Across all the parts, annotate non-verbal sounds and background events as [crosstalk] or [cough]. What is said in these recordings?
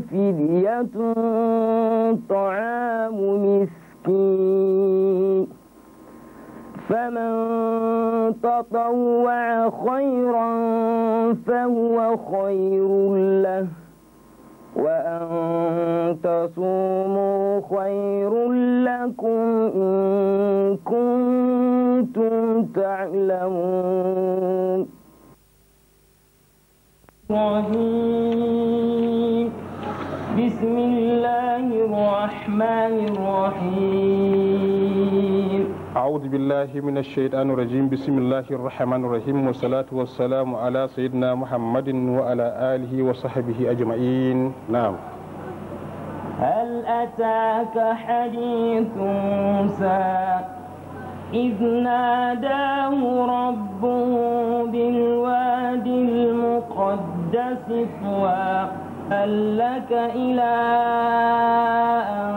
فدية طعام مسكين فمن تطوع خيرا فهو خير له وأن تصوموا خير لكم إن كنتم تعلمون بسم الله الرحمن الرحيم أعوذ بالله من الشيطان الرجيم بسم الله الرحمن الرحيم والصلاة والسلام على سيدنا محمد وعلى آله وصحبه أجمعين نعم هل أتاك حديث موسى إذ ناداه ربه بالوادي المقدس طوى هل لك إلى أن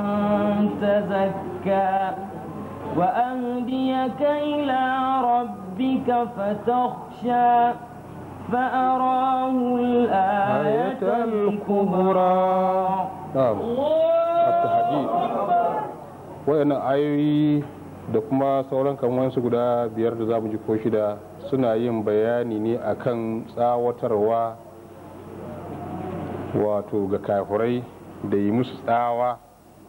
تزكى وأهديك إلى ربك فتخشى فأراه الآية الكبرى نعم التحديد وأنا أيوي da kuma sauran kamansu guda biyar da za mu ji ko shida suna yin bayani ne akan tsawatarwa wato ga kafirai da yi musu tsawa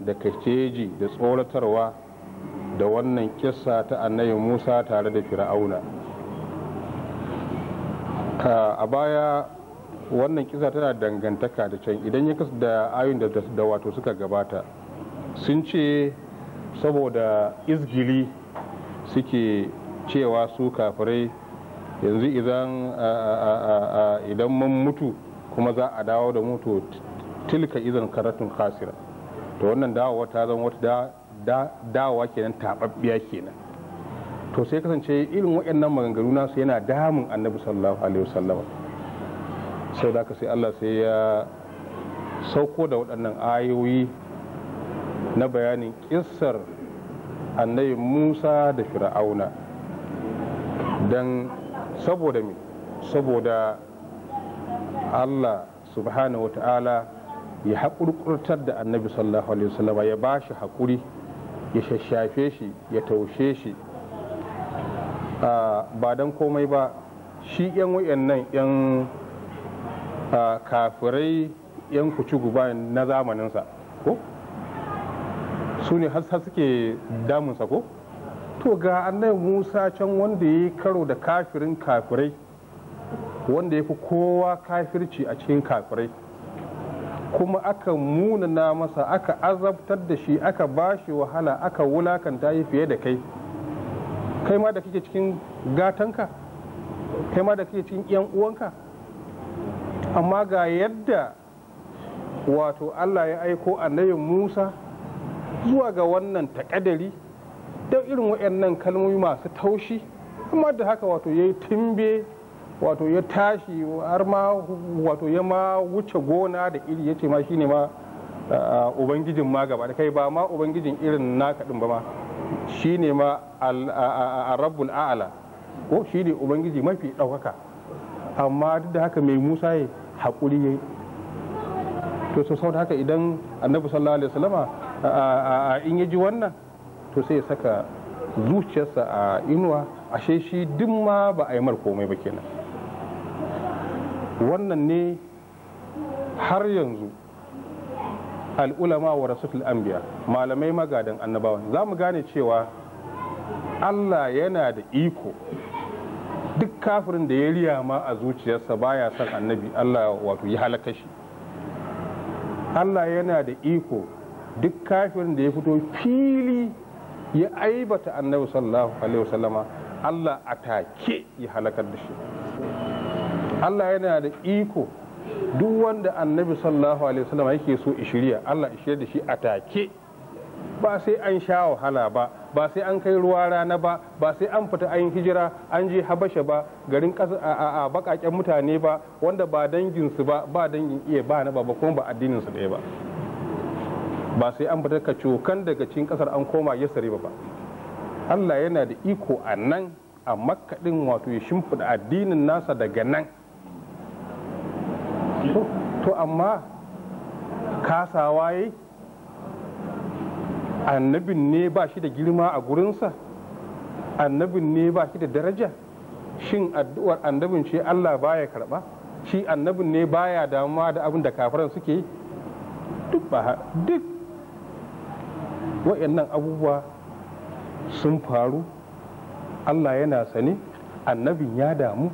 da kaceji da tsoratarwa da wannan kissa ta annabi musa tare da fir'auna a baya wannan kisa tana dangantaka da can idan ya kasu da ayun da wato suka gabata sun ce saboda izgili suke cewa su kafirai yanzu idan mun mutu kuma za a dawo da mutu tilka izan karatun kasira to wannan dawo wata zan wata dawowa kenan tababbiya kenan to sai kasance irin waɗannan maganganu nasu yana damun annabi sallallahu alaihi wasallam sau da sai Allah sai ya sauko da waɗannan ayoyi na bayanin kissar annabi Musa da Fir'auna don saboda me saboda Allah subhanahu wata'ala ya haƙurƙurtar da annabi sallallahu alaihi wasallam ya ba shi haƙuri ya shashafe shi ya taushe shi ah, ba don komai ba shi 'yan wayannan 'yan ah, kafirai 'yan kuci guba na zamaninsa ko su ne har suke damunsa ko to ga annabi musa can wanda ya yi karo da kafirin kafirai wanda ya fi kowa kafirci a cikin kafirai kuma aka munana masa aka azabtar da shi aka ba shi wahala aka wulakanta yi fiye da kai kai ma da kake cikin gatanka kai ma da kake cikin yan uwanka amma ga yadda wato Allah ya aiko annabi Musa zuwa ga wannan takadari don irin waɗannan kalmomi masu taushi amma da haka wato ya yi timbe wato ya tashi har ma wato ya ma wuce gona da iri ya ce ma shine ma uh, ubangijin ma gaba da kai ba ma ubangijin irin naka din ba ma shine ma uh, uh, rabbul a'ala ko shine ubangiji mafi ɗaukaka amma duk da haka mai musa ya haƙuri ya yi to sun sau haka idan annabi sallallahu alaihi wasallama in ya ji wannan to sai ya saka zuciyarsa a inuwa ashe shi duk ba a yi mar komai ba kenan wannan ne har yanzu al'ulama wa rasul anbiya malamai magadan annabawa za mu gane cewa allah yana da iko duk kafirin da ya riya ma a zuciyarsa baya son annabi allah wato ya halakashi allah yana da iko duk kafirin da ya fito fili ya aibata annabi sallallahu alaihi wasallama allah a take ya halakar da shi Allah yana da iko duk wanda annabi sallallahu alaihi wasallam yake so shirya Allah shirya da shi a take ba sai an sha wahala ba ba sai an kai ruwa rana ba ba sai an fita an hijira an je habasha ba garin a bakaken mutane ba wanda ba danginsu ba ba dangin iya ba na ba kuma ba addinin su ɗaya ba ba sai an fita ka cokan daga cikin kasar an koma yasare ba ba Allah yana da iko a nan a makaɗin wato ya shimfiɗa addinin nasa daga nan to amma kasawa yi annabin ne ba shi da girma a gurinsa annabin ne ba shi da daraja shin addu'ar annabin ce allah baya karba shi annabin ne baya damuwa da abin da kafiran suke duk ba duk wa'annan abubuwa sun faru allah yana sani, annabin ya damu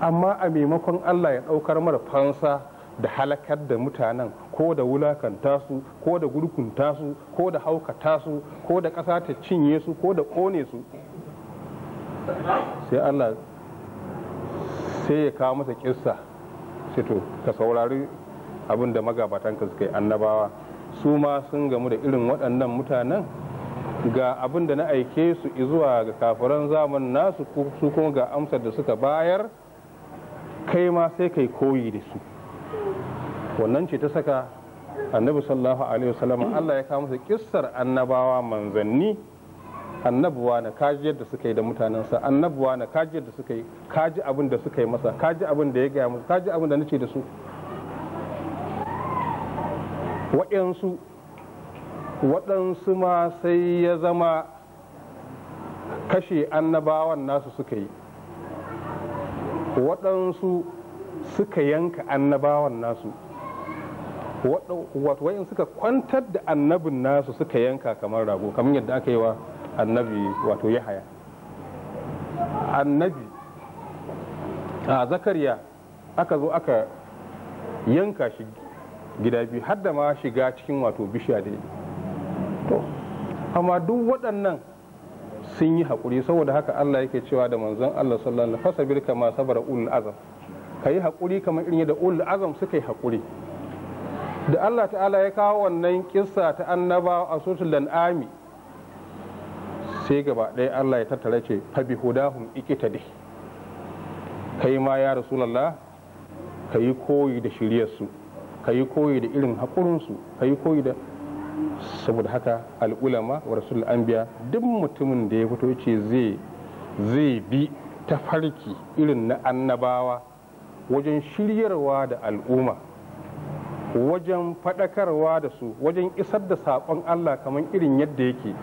amma a maimakon Allah ya ɗaukar mara fansa da halakar da mutanen ko da wulakanta su ko da gurkunta su ko da haukata su ko da ƙasa ta cinye su ko da ƙone su sai Allah sai ya kawo masa kissa sai to ka saurari abin da magabatanka suka yi annabawa su ma sun gamu da irin waɗannan mutanen ga abin da na aike su zuwa ga kafiran zamanin nasu su kuma ga amsar da suka bayar kai ma sai kai koyi da su wannan ce ta saka annabi sallallahu alaihi wasallam Allah ya kawo musu kissar annabawa manzanni annabuwa na kaji yadda suka yi da mutanensa annabuwa na kaji yadda suka yi kaji abin da suka yi masa kaji abin da ya gaya musu kaji abin da nace da su waɗansu waɗansu ma sai ya zama kashe annabawan nasu suka yi waɗansu suka yanka annabawan nasu wato suka kwantar da annabin nasu suka yanka kamar rago kamar yadda aka yi wa annabi wato yahaya annabi a zakariya aka zo aka yanka shi gida biyu har da ma shiga cikin wato bishiya da to amma duk waɗannan sun yi haƙuri saboda haka Allah yake cewa da manzon Allah sallallahu alaihi wasallam fasabirka ma sabara ulul azam kai haƙuri kamar irin da ulul azam suka yi haƙuri da Allah ta'ala ya kawo wannan kissa ta annaba a suratul lan'ami sai gaba ɗaya Allah ya tattara ce fa bi hudahum iqtadi kai ma ya rasulullah kai koyi da shiryarsu kai koyi da irin haƙurinsu kai koyi da saboda haka al'ulama wa rasul anbiya duk mutumin da ya fito ce zai zai bi farki irin na annabawa wajen shiryarwa da al'umma wajen faɗakarwa da su wajen isar da saƙon Allah kamar irin yadda yake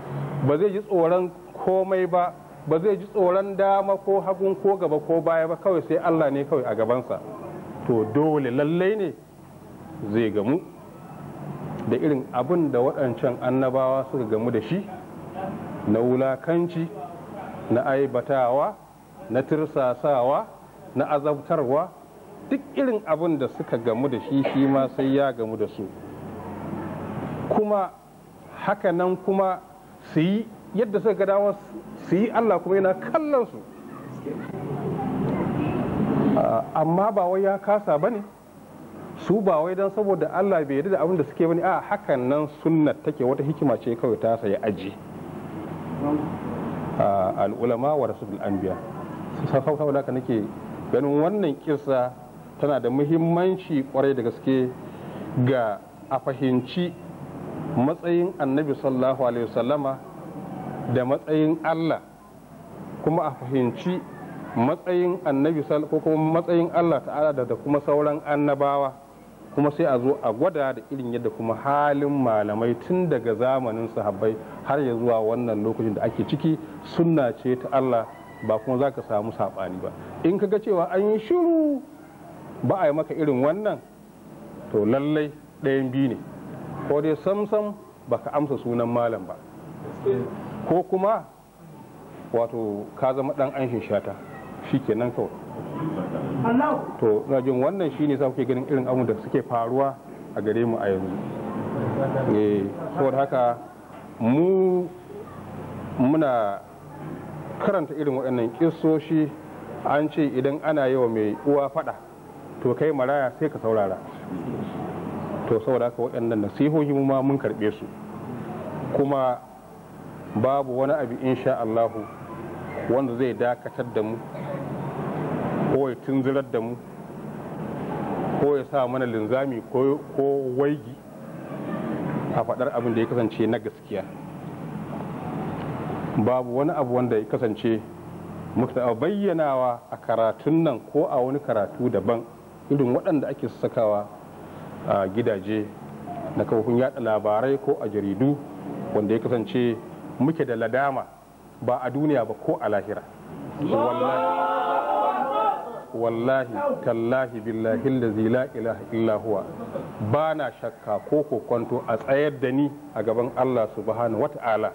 ba zai ji tsoron komai ba ba zai ji tsoron dama ko hagun ko gaba ko baya ba kawai sai Allah ne kawai a gabansa to dole lallai ne zai gamu da irin abin da waɗancan annabawa suka gamu da shi na wulakanci na aibatawa na tirsasawa na azabtarwa duk irin abin da suka gamu da shi shi ma sai ya gamu da su kuma hakanan kuma su yi yadda suka ga dama su yi allah kuma yana kallon su amma ba wai ya kasa ba ne su ba wai don saboda Allah bai yarda da abin da suke bane a hakan nan sunna take wata hikima ce kawai ta sayi aji a al'ulama wa rasul anbiya saboda haka nake ganin wannan kisa tana da muhimmanci kwarai da gaske ga a fahimci matsayin annabi sallallahu alaihi wasallama da matsayin Allah kuma a fahimci matsayin annabi ko kuma matsayin Allah ta'ala da kuma sauran annabawa kuma sai a zo a gwada da irin yadda kuma halin malamai tun daga zamanin sahabbai har ya zuwa wannan lokacin da ake ciki sunna ce ta Allah ba kuma za ka samu saɓani ba in ka ga cewa an yi shiru ba a yi maka irin wannan to lallai ɗayan biyu ne ko dai samsam ba ka amsa sunan malam ba ko kuma wato ka zama ɗan anshin shata shi kenan kawai to na wannan shine sa kuke ganin irin abun da suke faruwa a gare mu a yanzu eh saboda haka mu muna karanta irin waɗannan ƙisoshi an ce idan ana yawa mai uwa fada to kai maraya sai ka saurara to saboda haka waɗannan nasihohi mu ma mun karɓe su kuma babu wani abu insha Allahu wanda zai dakatar da mu ko ya tunzirar da mu ko ya sa mana linzami ko waigi a faɗar abin da ya kasance na gaskiya babu wani abu wanda ya kasance muka bayyanawa a karatun nan ko a wani karatu daban irin waɗanda ake sakawa a gidaje na kafofin yada labarai ko a jaridu wanda ya kasance muke da ladama ba a duniya ba ko a lahira wallahi wallahi tallahi billahi da la ilaha illa huwa ba na shakka ko kwanto a tsayar da ni a gaban Allah subhanahu wata'ala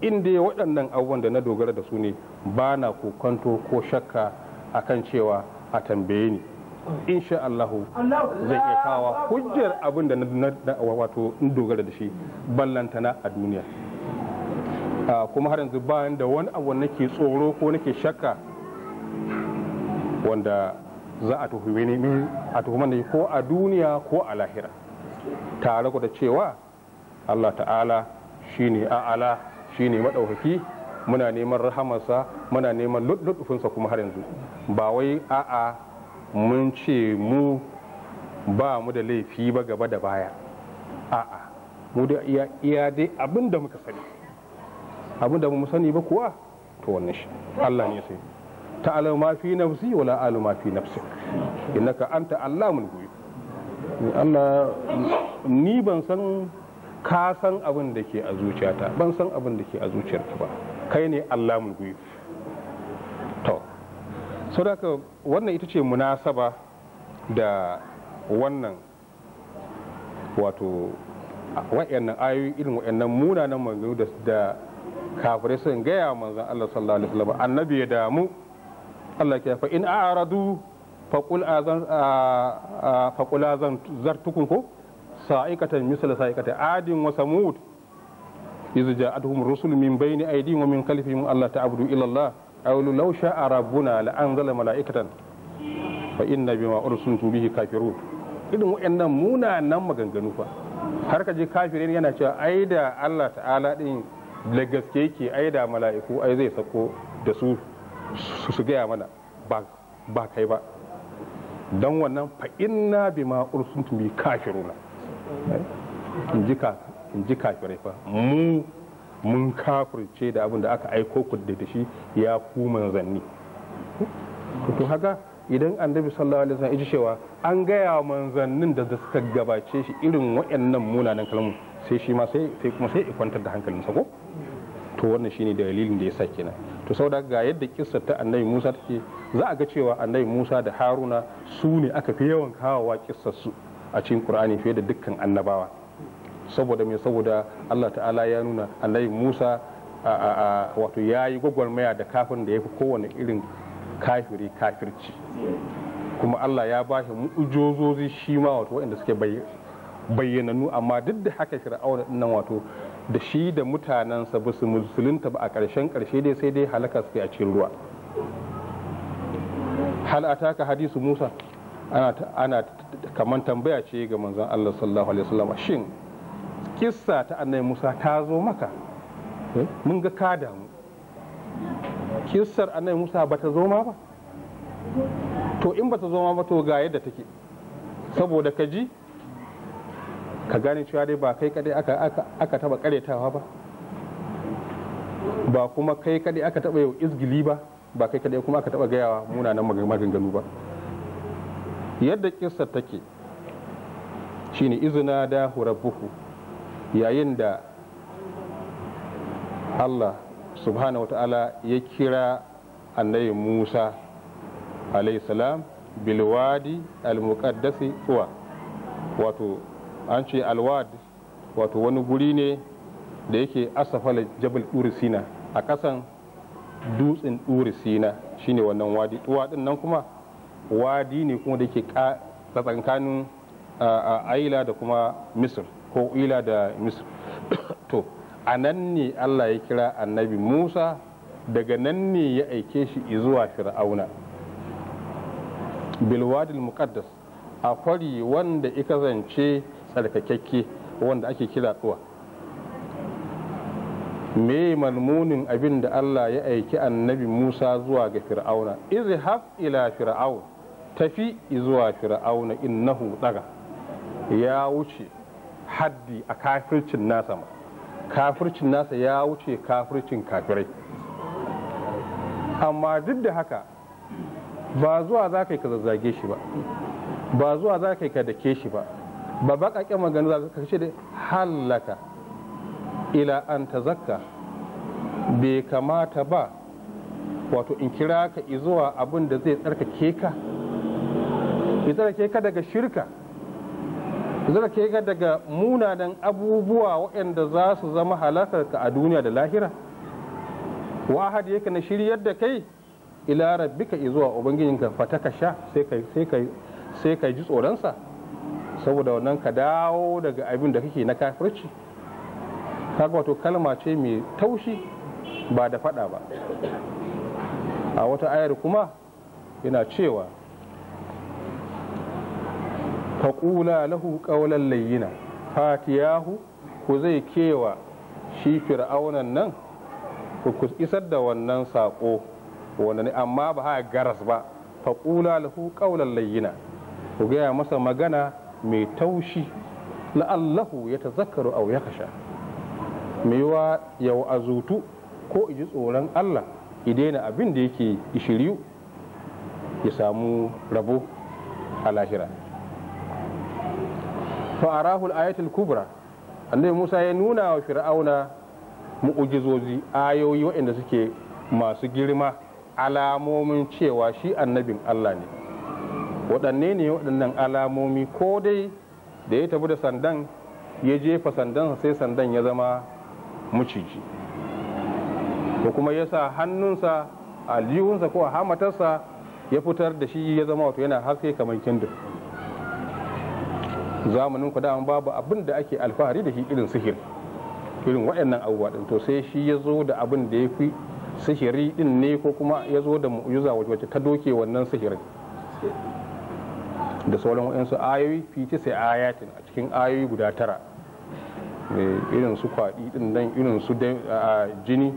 inda ya waɗannan abubuwan da na dogara da su ne ba na kwanto ko shakka a kan cewa a tambaye ni insha Allahu zai iya kawo hujjar abin da wato dogara da shi ballantana a duniya ah, kuma har yanzu bayan da wani abu nake tsoro ko nake shakka wanda za a tuhume ne a ko a duniya ko a lahira tare da cewa Allah ta'ala shine a'ala shine maɗaukaki muna neman rahamarsa muna neman lutufinsa kuma har yanzu ba wai a'a mun ce mu ba mu da laifi ba gaba da baya a'a mu da iya iya dai abin muka sani abin da mu sani ba kuwa to wannan shi Allah ne sai ta'lamu ma fi nafsi wa la a'lamu ma fi nafsik innaka anta allamul ghuyub Allah ni ban san ka san abin da ke a zuciyata ban san abin da ke a zuciyarka ba kai ne allamul ghuyub to saboda wannan ita ce munasaba da wannan wato wa'annan ayoyi irin wa'annan munanan maganganu da kafirai sun gaya manzon Allah sallallahu alaihi wasallam annabi ya damu Allah ke fa in a'radu faqul azan faqul azan zartukum ko sa'ikatan misla sa'ikatan adin wa samud idza ja'atuhum rusul min bayni aydihim wa min khalfihim Allah ta'budu illa Allah aw law sha'a rabbuna la anzala mala'ikatan fa inna bima ursiltu bihi kafirun irin waɗannan munanan maganganu fa har ka je kafirin yana cewa ai da Allah ta'ala din da gaske yake ai da mala'iku ai zai sako da su su gaya mana ba kai ba don wannan fa'inna bi ma'ur sun tumi kafiruna eh? in ji kafirai fa mu mun kafirce da abin da aka aiko ku da shi ya ku manzanni to haka idan annabi sallallahu alaihi wasallam ya cewa an gaya manzannin da suka gabace shi irin waɗannan munanan kalmu sai shi ma sai kuma sai ya kwantar da hankalinsa ko to wannan shine dalilin da ya sa kenan to sau ga yadda kissar ta annabi musa take za a ga cewa annabi musa da haruna su ne aka fi yawan kawowa kissar a cikin qur'ani fiye da dukkan annabawa saboda mai saboda allah ta'ala ya nuna annabi musa wato ya yi gwagwarmaya da kafin da ya fi kowane irin kafiri kafirci kuma allah ya ba shi mu'ujozozi shi ma wato waɗanda suke bayyananu amma duk da haka fir'auna nan wato da shi da mutanensa ba su musulunta ba a ƙarshen ƙarshe dai sai dai halaka su a cikin ruwa hal ataka hadisu musa ana kaman tambaya ce ga manzon Allah sallallahu alaihi wasallam shin kissa ta annabi musa ta zo maka eh, mun ga ka damu kissar annabi musa ba ta zo ma ba to in ba ta zo ma ba to ga yadda take saboda ka ji ka gane cewa dai ba kai kadai aka aka taba karetawa ba ba kuma kai kadai aka taba yau izgili ba ba kai kadai kuma aka taba gayawa munanan maganganu ba yadda kissa take shine izina da hurabbuku yayin da Allah subhanahu wata'ala ya kira annabi Musa alayhi salam bilwadi al-muqaddasi wato an ce alwad wato wani guri ne da yake asafala jabal sina a ƙasan dutsen sina shine wannan wadi wadin nan kuma wadi ne kuma da yake tsakankanin aila da kuma misir ko ila da misir [coughs] to a nan ne allah ya kira annabi musa daga nan ne ya aike shi zuwa fir'auna bilwadil muqaddas a kwari wanda ika zance tsarkakakke wanda ake kira tsuwa me malmunin abin da Allah ya aiki annabi Musa zuwa ga fir'auna izhab ila fir'aun tafi zuwa fir'auna innahu daga ya wuce haddi a kafircin nasa ma kafircin nasa ya wuce kafircin kafirai amma duk da haka ba zuwa za ka yi ka zazzage shi ba ba zuwa za ka yi ka dake shi ba ba baƙaƙen maganu za ka kashe da hallaka ila an ta zakka bai kamata ba wato in kira ka izuwa abin da zai tsarkake ka ya tsarkake ka daga shirka ya tsarkake ka daga munanan abubuwa waɗanda za su zama halakar ka a duniya da lahira wahad yake na shiryar da kai ila rabbika izuwa ubangijinka ka sha sai ka ji tsoronsa saboda wannan ka dawo daga abin da kake na kafirci kaga wato kalma ce mai taushi ba da fada ba a wata ayar kuma yana cewa faƙula lahu ƙaunar layyina fatiyahu ku zai kewa shi fir'aunan nan ku isar da wannan saƙo Wannan amma ba haka garas ba faƙula lahu ƙaunar layyina ku gaya masa magana mai taushi la'allahu ya ta au ya kasha maiwa ya wa'azutu ko iji tsoron Allah i daina abin da yake ishiriyu ya samu rabo a lahira fa'arahul ayatul kubra annabi Musa ya nuna wa fir'auna mu'ujizozi ayoyi waɗanda suke masu girma alamomin cewa shi annabin Allah ne waɗanne ne waɗannan alamomi ko dai da ya tafi da sandan ya jefa sandan sai sandan ya zama muciji ko kuma ya sa hannunsa a aljihunsa ko a hamatarsa ya fitar da shi ya zama wato yana haske kamar kindir zamanin ku dama babu abin da ake alfahari da shi irin sihir irin waɗannan abubuwa ɗin to sai shi ya zo da abin da ya fi sihiri ɗin ne ko kuma ya zo da mu'ujiza wacce ta doke wannan sihirin da sauran waɗansu ayoyi fi sai ayatin a cikin ayoyi guda tara irin su kwaɗi ɗin nan irin su jini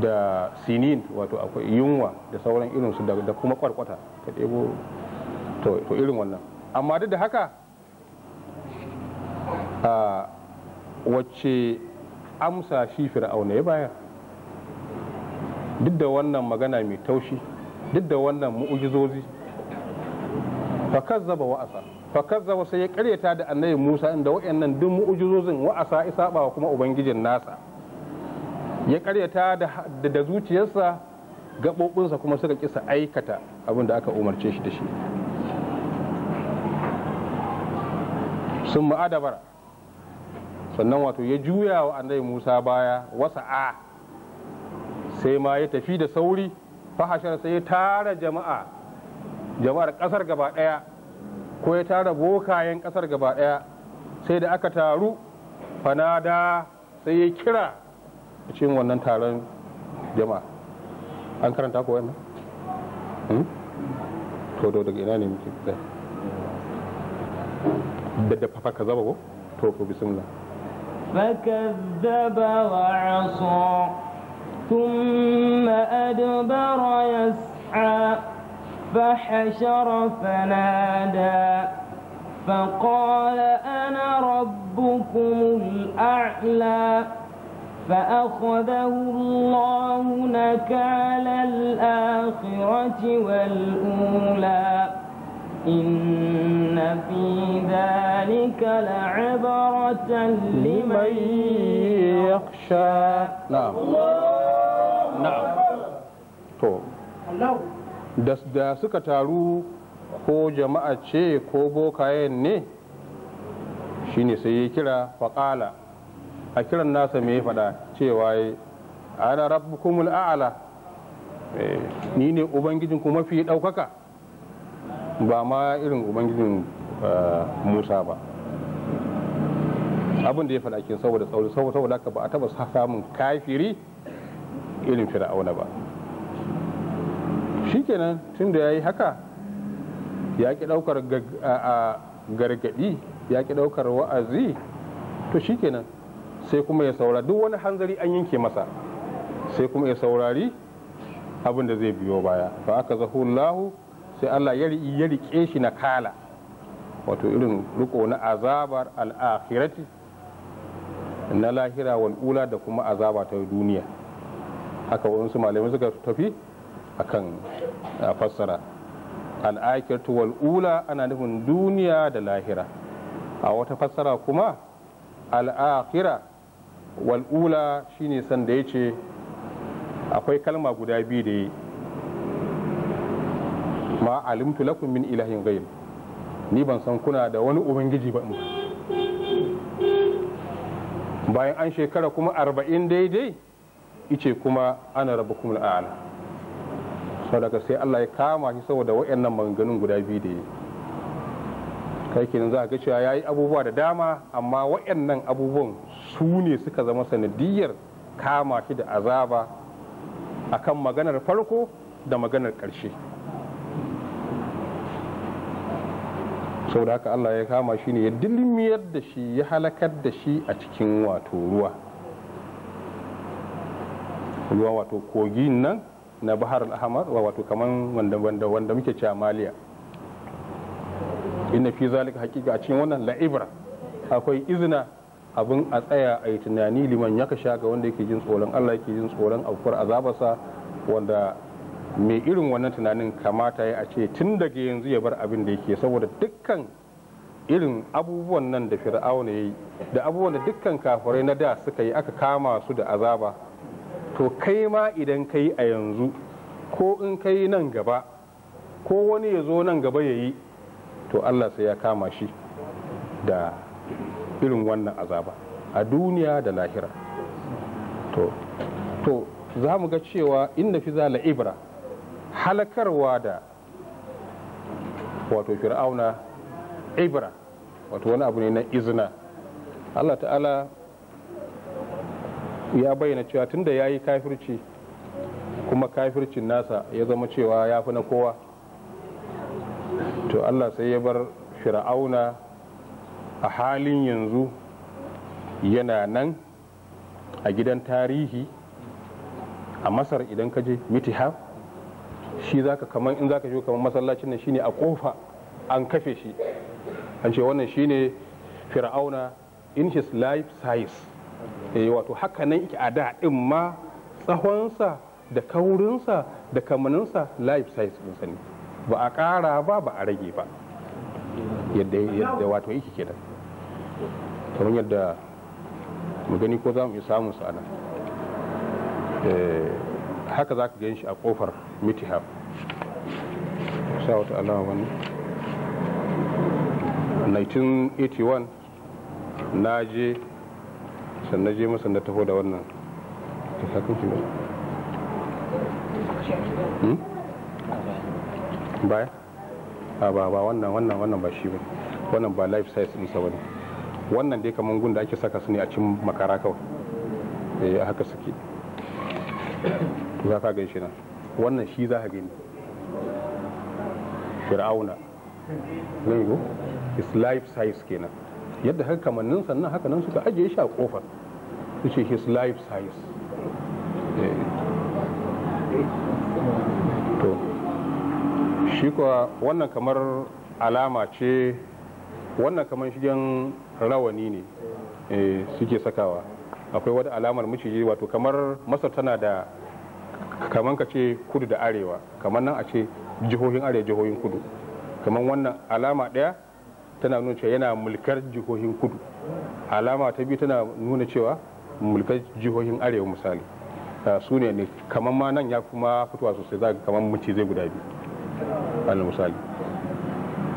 da sinin wato akwai yunwa da sauran irin su da kuma kwarkwata ka ɗebo to irin wannan amma duk da haka wacce amsa shi fir'auna ya bayar duk da wannan magana mai taushi duk da wannan mu'ujizozi fakazzaba wa asa fakazzaba sai ya karyata da annabi Musa inda wayannan duk mu'jizozin wa asa isabawa kuma ubangijin nasa ya karyata da zuciyarsa gaɓoɓinsa kuma suka kisa aikata abin da aka umarce shi da shi sun ma'adabar sannan wato ya juya wa annabi musa baya wasa a sai ma ya tafi da sauri fahashar sai ya tara jama'a jama'ar kasar gaba daya ko ya tara bokayen kasar gaba daya sai da aka taru fanada sai ya kira a cikin wannan taron jama'a an karanta ko wannan hmm? to to daga ina ne muke da da fafa ka zaba ko to ko bismillah فكذب وعصى ثم أدبر يسعى فحشر فنادى فقال أنا ربكم الأعلى فأخذه الله نكال الآخرة والأولى إن في ذلك لعبرة لمن يخشى نعم نعم طول طيب. da suka taru ko jama'a ce ko bokayen ne shine sai ya kira faƙala a kiran nasa mai faɗa cewa ya ana rabbukumul a'ala eh, ni ne ubangijin kuma fi ɗaukaka ba ma irin ubangijin eh, musa ba abin da ya faɗa kin saboda saboda haka ba a taɓa samun kafiri irin fir'auna ba shikenan tun da ya yi haka ya ki ɗaukar gargadi ya ki ɗaukar wa'azi to shikenan sai kuma ya saura duk wani hanzari an yanke masa sai kuma ya saurari abin da zai biyo baya to aka zahullahu sai Allah ya riƙe shi na kala wato irin riko na azabar al'akhirati na lahira wal'ula da kuma azaba ta duniya haka wasu malamai suka tafi akan uh, fassara al'akirtu wal ula ana nufin duniya da lahira a wata fassara kuma al'akira wal ula shine sanda ya ce akwai kalma guda biyu da yi ma alimtu lakum min ilahin gayin ni ban san kuna da wani ubangiji ba bayan an shekara kuma arba'in daidai ice kuma ana rabu kuma al'ala sau sai Allah ya kama shi saboda wa'annan maganganun guda biyu da ya kai kenan za a ga cewa ya yi abubuwa da dama amma wa'annan abubuwan su ne suka zama sanadiyar kama shi da azaba akan maganar farko da maganar ƙarshe sau haka Allah ya kama shi ne ya dilmiyar da shi ya halakar da shi a cikin wato ruwa ruwa wato kogin nan na bahar al-ahmar wato kaman wanda wanda wanda muke cewa maliya inna fi zalika haqiqa a cikin wannan la'ibra akwai izina abin a tsaya a yi tunani liman ya kasha ga wanda yake jin tsoron Allah yake jin tsoron aukuwar azabarsa wanda mai irin wannan tunanin kamata ya a ce tun daga yanzu ya bar abin da yake saboda dukkan irin abubuwan nan da fir'auna ya yi da abubuwan da dukkan kafirai na da suka yi aka kama su da azaba to kai ma idan ka a yanzu ko in ka nan gaba ko wani ya zo nan gaba ya yi to allah sai ya kama shi da irin wannan azaba a duniya da lahira to to za mu ga cewa inda fi zala ibra halakarwa da wato fir'auna ibra wato wani abu ne na izina allah ta'ala ya bayyana cewa tun da ya yi kafirci kuma kafircin nasa ya zama cewa ya fi na kowa to allah sai ya bar fir'auna a halin yanzu yana nan a gidan tarihi a masar idan ka je mitihab shi za ka kaman in ka shigo kamar masallacin nan shine a kofa an kafe shi an ce wannan shine fir'auna in his life size Eh, wato haka nan yake a da ma tsahonsa da kaurinsa da kamaninsa life size ɗinsa ne ba a ƙara ba ba a rage ba yadda wato yake kenan kamar yadda mu gani ko za mu samun su ana eh, haka za ka gan shi a kofar mitihab sha wata alama wani 1981 na je sannan je masa na taho da wannan ta sa kanki ne hmm? baya a ba ba wannan wannan wannan ba shi ba wannan ba life size din sa bane wannan dai kaman gun da ake saka su ne a cikin makara kawai eh haka suke za ka ga shi nan wannan shi za ka gani fir'auna ne go is life size kenan yadda haka kamannin sannan haka nan suka ajiye shi a kofar su ce his life size eh. to shi kuwa wannan kamar alama ce wannan kamar shigen rawani ne eh, suke sakawa akwai wata alamar miciji wato kamar masar tana da kamar ka ce kudu da arewa kamar nan a ce jihohin arewa jihohin kudu kamar wannan alama ɗaya tana nuna cewa yana mulkar jihohin kudu alama ta biyu tana nuna cewa mulkar jihohin arewa misali ah, su ne ne kamar ma nan ya kuma fitowa sosai za kamar mace zai guda biyu alal misali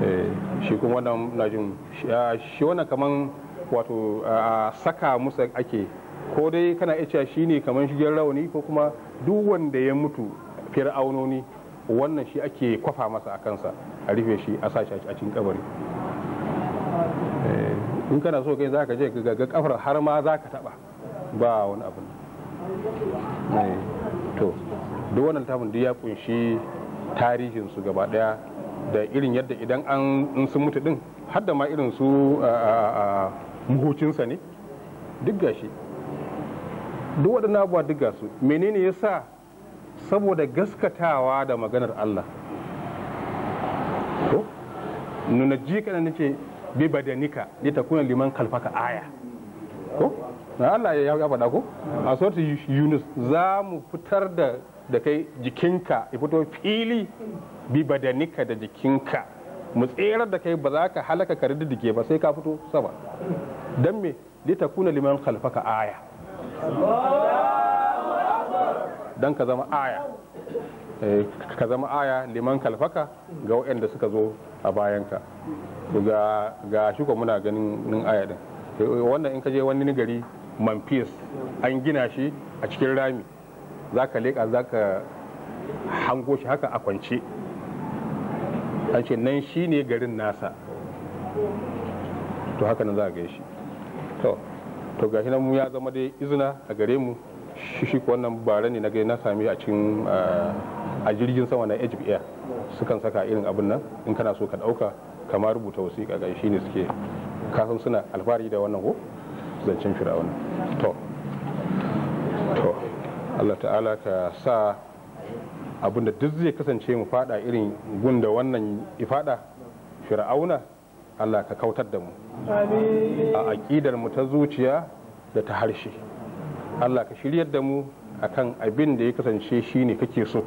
eh, shi kuma wannan na jin ah, shi wannan kamar wato a ah, saka musa ake ko dai kana iya cewa ne kamar shigen rauni ko kuma duk wanda ya mutu fir'aunoni wannan shi ake kwafa masa a kansa a rufe shi a sashi a cikin kabari Eh, in kana so kai za ka je ga kafar har ma za taba ba wani abu eh, to duk wannan duk ya kunshi tarihin su gaba daya da irin yadda idan an sun mutu din har da ma irin su muhucinsa ne duk gashi duk waɗannan abubuwa duk gasu menene yasa saboda gaskatawa da maganar Allah to nuna ji kana nace bi badanika takuna liman kalfaka aya ko na Allah ya faɗa ko a sortu Yunus za mu fitar da da kai jikinka ya fito fili bi badanika da jikinka mu tsere da kai ba za ka halaka ka dike ba sai ka fito sama dan me takuna liman kalfaka aya dan ka zama aya Eh, ka zama aya liman kalfaka ga waɗanda suka zo a bayanka ga ga shi muna ganin aya din wannan in ka je wani gari manfis an gina shi a cikin rami za ka leƙa za ka hango shi haka a kwance an ce nan shi ne garin nasa to haka nan za a gaishe to gashi nan mu ya zama dai izina a gare mu shi wannan bara ne na na sami a cikin eh, a jirgin sama na hb air sukan saka irin abin nan in kana so ka dauka kama rubuta wasiƙa ga shi ne suke kasan suna alfahari da wannan ko zancen fir'auna to to Allah ta'ala ka sa abin da duk zai kasance mu fada irin gunda wannan ifada fir'auna Allah ka kautar da mu a aƙidar mu ta zuciya da ta harshe Allah ka shiryar da mu a kan abin da ya kasance shi ne kake so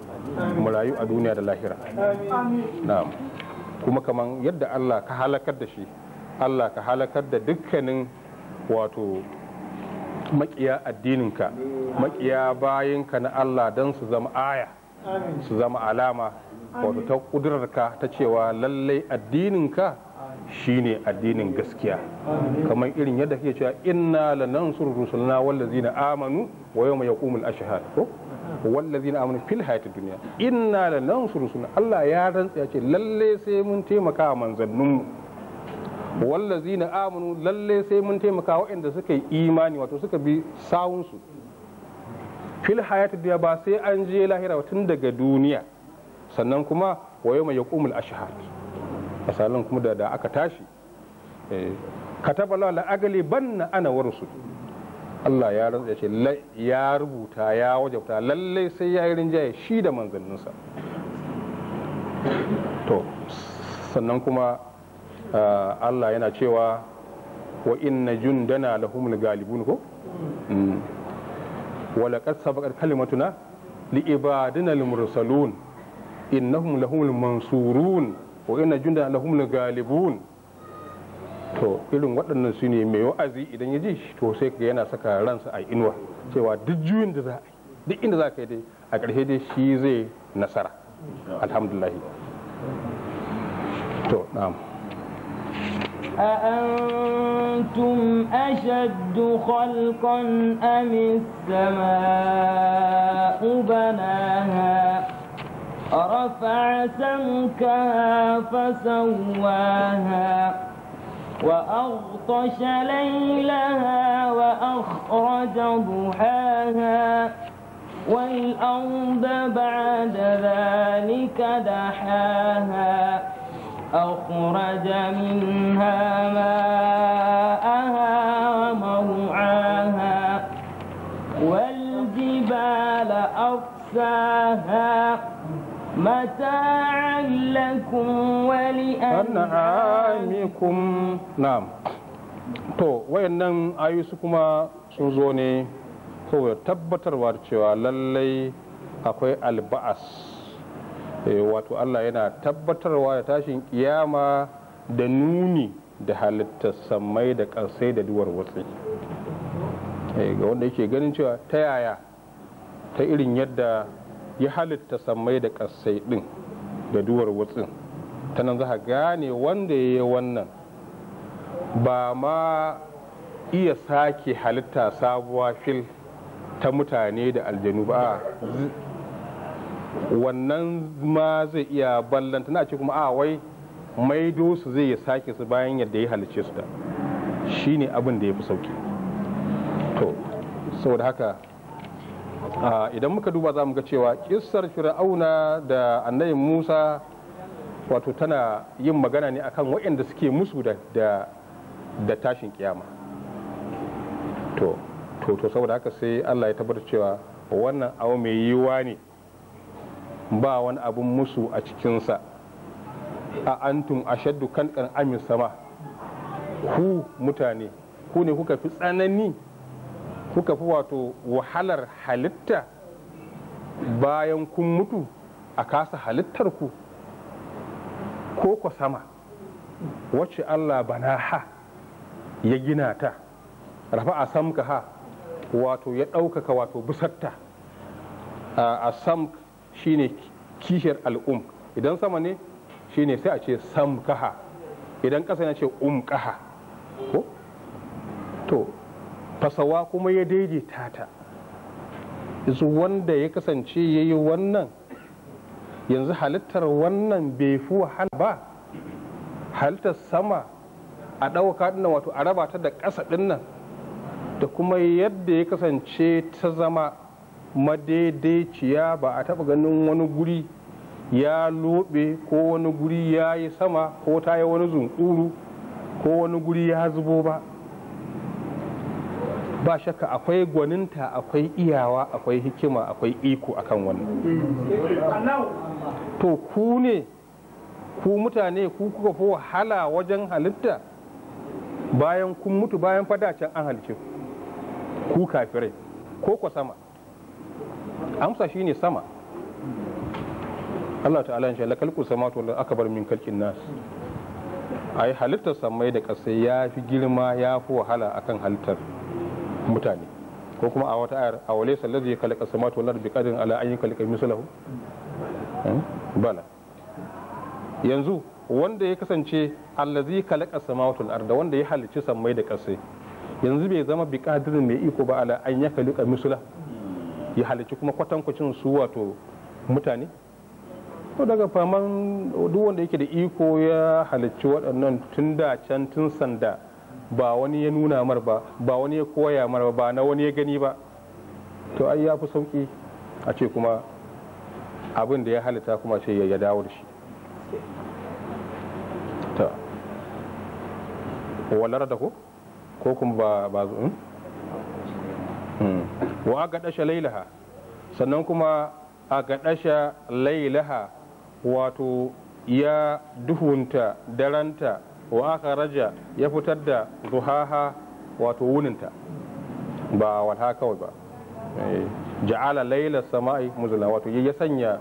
mu rayu a duniya da lahira na'am kuma kamar yadda Allah ka halakar da shi Allah ka halakar da dukkanin wato makiya addininka makiya bayinka na Allah don su zama aya su zama alama wato ta kudurarka ta cewa lallai addininka shine addinin gaskiya kamar irin yadda ke cewa inna suru rusulna wallazina amanu wa yawma yaqumul ashhad ko wallazina amanu fil hayatid dunya inna suru rusulna Allah ya rantsa ya ce lalle sai mun taimaka manzanninmu wallazina amanu lalle sai mun taimaka waɗanda suka yi imani wato suka bi sawunsu fil hayatid dunya ba sai an je lahira tun daga duniya sannan kuma wa yawma yaqumul ashhad misalin kuma da aka tashi eh, kataba la agali banna ana wa Allah ya rantsa ce ya rubuta ya wajabta lallai sai ya yi rinjaye shi da manzanninsa to sannan kuma ah, Allah yana cewa wa inna jundana lahumul galibun ko mm. wa laqad sabaqat kalimatuna li ibadina al mursalun innahum lahumul mansurun wa ina junda lahum galibun to irin waɗannan su ne mai wa'azi idan ya ji shi to sai ka yana saka ransa a inuwa cewa duk juyin da za a yi duk inda za ka yi dai a ƙarshe dai shi zai nasara alhamdulahi to na'am أأنتم أشد خلقا أم السماء بناها رفع سمكها فسواها وأغطش ليلها وأخرج ضحاها والأرض بعد ذلك دحاها أخرج منها ماءها ولأنعامكم نعم to wayannan ayu kuma sun zo ne saboda tabbatarwa cewa lallai akwai alba'as wato Allah yana tabbatarwa da tashin kiyama da nuni da halittar samai da ƙarsai da duwar watsi ga wanda yake ganin cewa ta yaya ta irin yadda ya halitta samai da ƙarsai ɗin da duwar wutsin? ta nan za a gane wanda ya yi wannan ba ma iya sake halitta sabuwa fil ta mutane da aljanu ba wannan ma zai iya ballanta na ce kuma a ah, wai maido su zai ya sake su bayan yadda ya halice su da shi ne abin da ya fi sauki to saboda haka ah, idan muka duba za mu ga cewa kissar fir'auna da annabi musa wato tana yin magana ne akan waɗanda suke musu da tashin kiyama to to to saboda haka sai Allah ya tabbatar cewa wannan abu mai yiwa ne ba wani abun musu a cikinsa a antum ashaddu kan amin sama ku mutane ku ne kuka fi tsanani kuka fi wato wahalar halitta bayan kun mutu a kasa halittar ku ko ko sama wacce Allah bana ha ya gina ta rafa a samka ha wato ya ɗaukaka wato busatta a samk shine kishiyar al'um idan sama ne shine sai a ce samkaha idan ƙasa na ce umkaha ko to fasawa kuma ya daidaita ta wanda ya kasance ya yi wannan yanzu halittar wannan bai fi wahala ba halittar sama a ɗauka dinnan wato a raba ta da ƙasa ɗinnan da kuma yadda ya kasance ta zama madaidaiciya ba a taɓa ganin wani guri ya loɓe ko wani guri ya yi sama ko ta yi wani zunkuru ko wani guri ya zubo ba ba shakka akwai gwaninta akwai iyawa akwai hikima akwai iko akan wannan to ku ne ku mutane ku kuka fi wahala wajen halitta bayan kun mutu bayan fadacen an halice ku kafirai ko ku sama amsa shi ne sama Allah ta'ala ya la kalku samatu aka bar min kalkin nas yi halittar samai da kasai ya fi girma ya fi wahala akan halittar mutane ko kuma a wata ayar a wale da ya kalaka samatu wal ardi qadrin ala ayyin kalaka mislahu hmm? bala yanzu wanda ya kasance allazi kalaka samatu wal arda wanda ya halicci sammai da kasai yanzu bai zama bi qadrin mai iko ba ala an kalika misla ya halicci kuma kwatankwacin su wato mutane to daga faman duk wanda yake da iko ya halicci waɗannan tun da can tun sanda ba wani ya nuna mar ba ba wani ya koya mar ba na wani ya gani ba to ai ya fi sauki a ce kuma abin da ya halitta kuma ce ya dawo da shi ta walar da ko ko kuma ba ba zuun hmm? hmm. wa aka dasha lailaha sannan kuma a ga lailaha wato ya duhunta daranta wa aka raja ya fitar da zuhaha wato wuninta ba walha kawai ba eh, ja'ala laila sama'i muzula wato ya sanya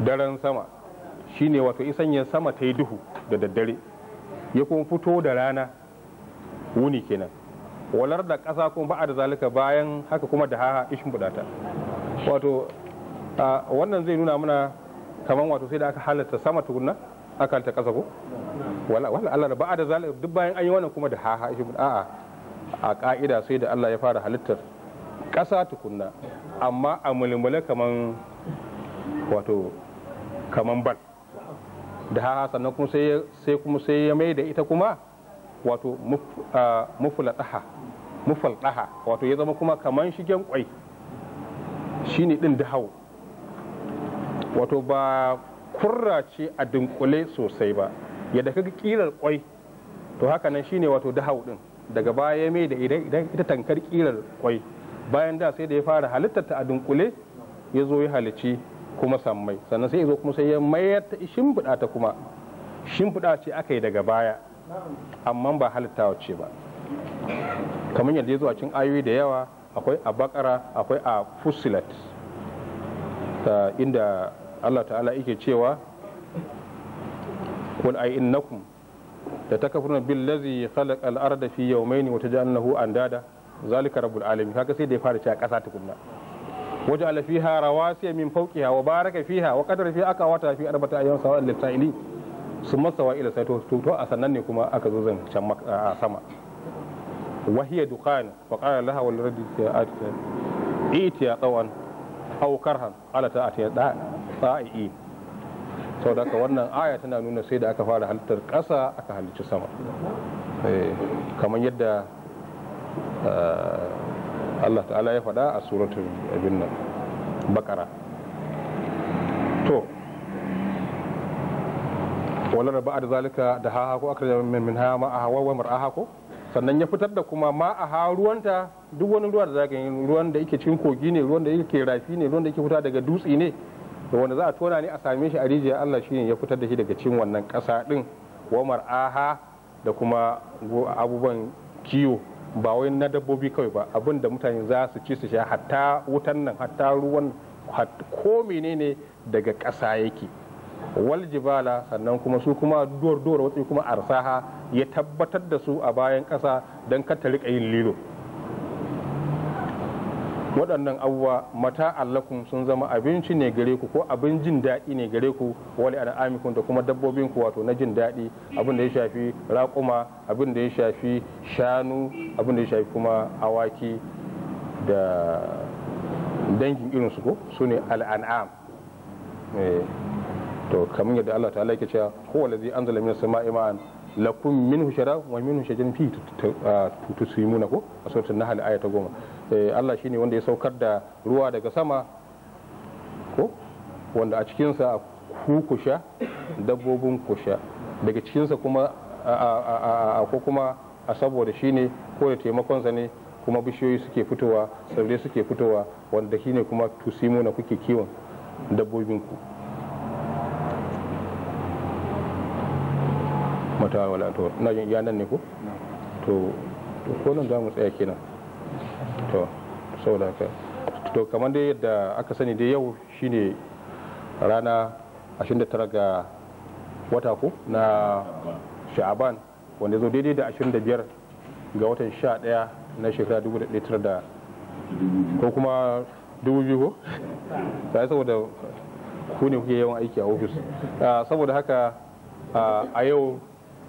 daren sama shine wato ya sanya sama ta yi duhu da daddare ya kuma fito da rana wuni kenan walar da ƙasa kuma ba'a da zalika bayan haka kuma da haha ishin budata wato wannan zai nuna mana kamar wato sai da aka halatta sama tukunna ta kasa ko wala wala Allah Ba da zalika duk bayan an yi wannan kuma da ha ha shi a'a a ka'ida sai da Allah ya fara halittar kasa tukunna amma a mulmule kaman wato kaman bal da ha sannan kuma sai sai kuma sai ya mai da ita kuma wato mufulataha mufaltaha wato ya zama kuma kaman shigen kwai shine din hau wato ba kurra ce a dunkule sosai ba yadda kaga kirar kwai to haka nan shine wato dahau din daga baya mai da idan ita tankar kirar kwai bayan da sai da ya fara halittar ta a dunkule ya zo ya halici kuma sammai sannan sai ya zo kuma sai ya mayar ta shimfiɗa ta kuma shimfiɗa ce aka yi daga baya amma ba halitta ce ba kamar yadda ya zo a cikin ayoyi da yawa akwai a bakara akwai a fusilat inda Allah ta'ala yake cewa qul a innakum da takafuruna billazi khalaqa al-arda fi yawmayni wa an dada zalika rabu alami kaga sai da ya fara cewa kasa tukunna waja'ala fiha rawasiya min fawqiha wa baraka fiha wa qadara fi aka wata fi arbata ayyamin sawa'il lisa'ili sun masa wa'ila sai to a sannan ne kuma aka zo zan can a sama wahiya dukan fa qala laha wal radi atiya tawan au karhan a ta sa'i sau da wannan aya tana nuna sai da aka fara halittar ƙasa aka halicci sama eh, kamar yadda eh, Allah ta'ala ya faɗa a suratul abin nan bakara to wala raba da zalika da haha ko aka min min hama a hawa wa mar'aha ko sannan ya fitar da kuma ma a ha ruwanta duk wani ruwa da za ka ruwan da yake cikin kogi ne ruwan da yake rafi ne ruwan da yake fita daga dutse ne da wanda za a tona ne a same shi a rijiyar Allah shine ya fitar da shi daga cikin wannan ƙasa din wamar aha da kuma abubuwan kiwo ba wai na dabbobi kawai ba abin da mutane za su ci su sha hatta wutan nan hatta ruwan ko menene daga ƙasa yake waljibala sannan kuma su kuma duwar wasu kuma arsaha ya tabbatar da su a bayan ƙasa don ta riƙa yin lilo waɗannan abubuwa mata allakun sun zama abinci ne gare ku ko abin jin daɗi ne gare ku wali ana amikun da kuma dabbobin ku wato na jin daɗi abin da ya shafi raƙuma abin da ya shafi shanu abin da ya shafi kuma awaki da dangin irinsu ko su ne al'an'am eh. to kamar yadda Allah ta'ala yake cewa huwa allazi anzala minas sama'i ma'an lakum minhu sharab wa minhu shajarun fi tusimuna ah, ko a suratul nahl aya ta goma eh, Allah shine wanda ya saukar da ruwa daga sama ko wanda a cikin sa ku kusha dabbobin kusha daga cikin sa kuma ko kuma a saboda shine ko da taimakon sa ne kuma bishiyoyi suke fitowa tsirrai suke fitowa wanda shine kuma tusimuna kuke kiwon dabbobin ku ta wala to na yin yanan ne ko to to ko nan za mu tsaya kenan to saboda ka to kamar dai yadda aka sani dai yau shine rana 29 ga wata ko na sha'aban wanda zo daidai da 25 ga watan 11 na shekara 1900 ko kuma 2000 ko sai saboda ku ne kuke yawan aiki a ofis ah, saboda haka ah, a yau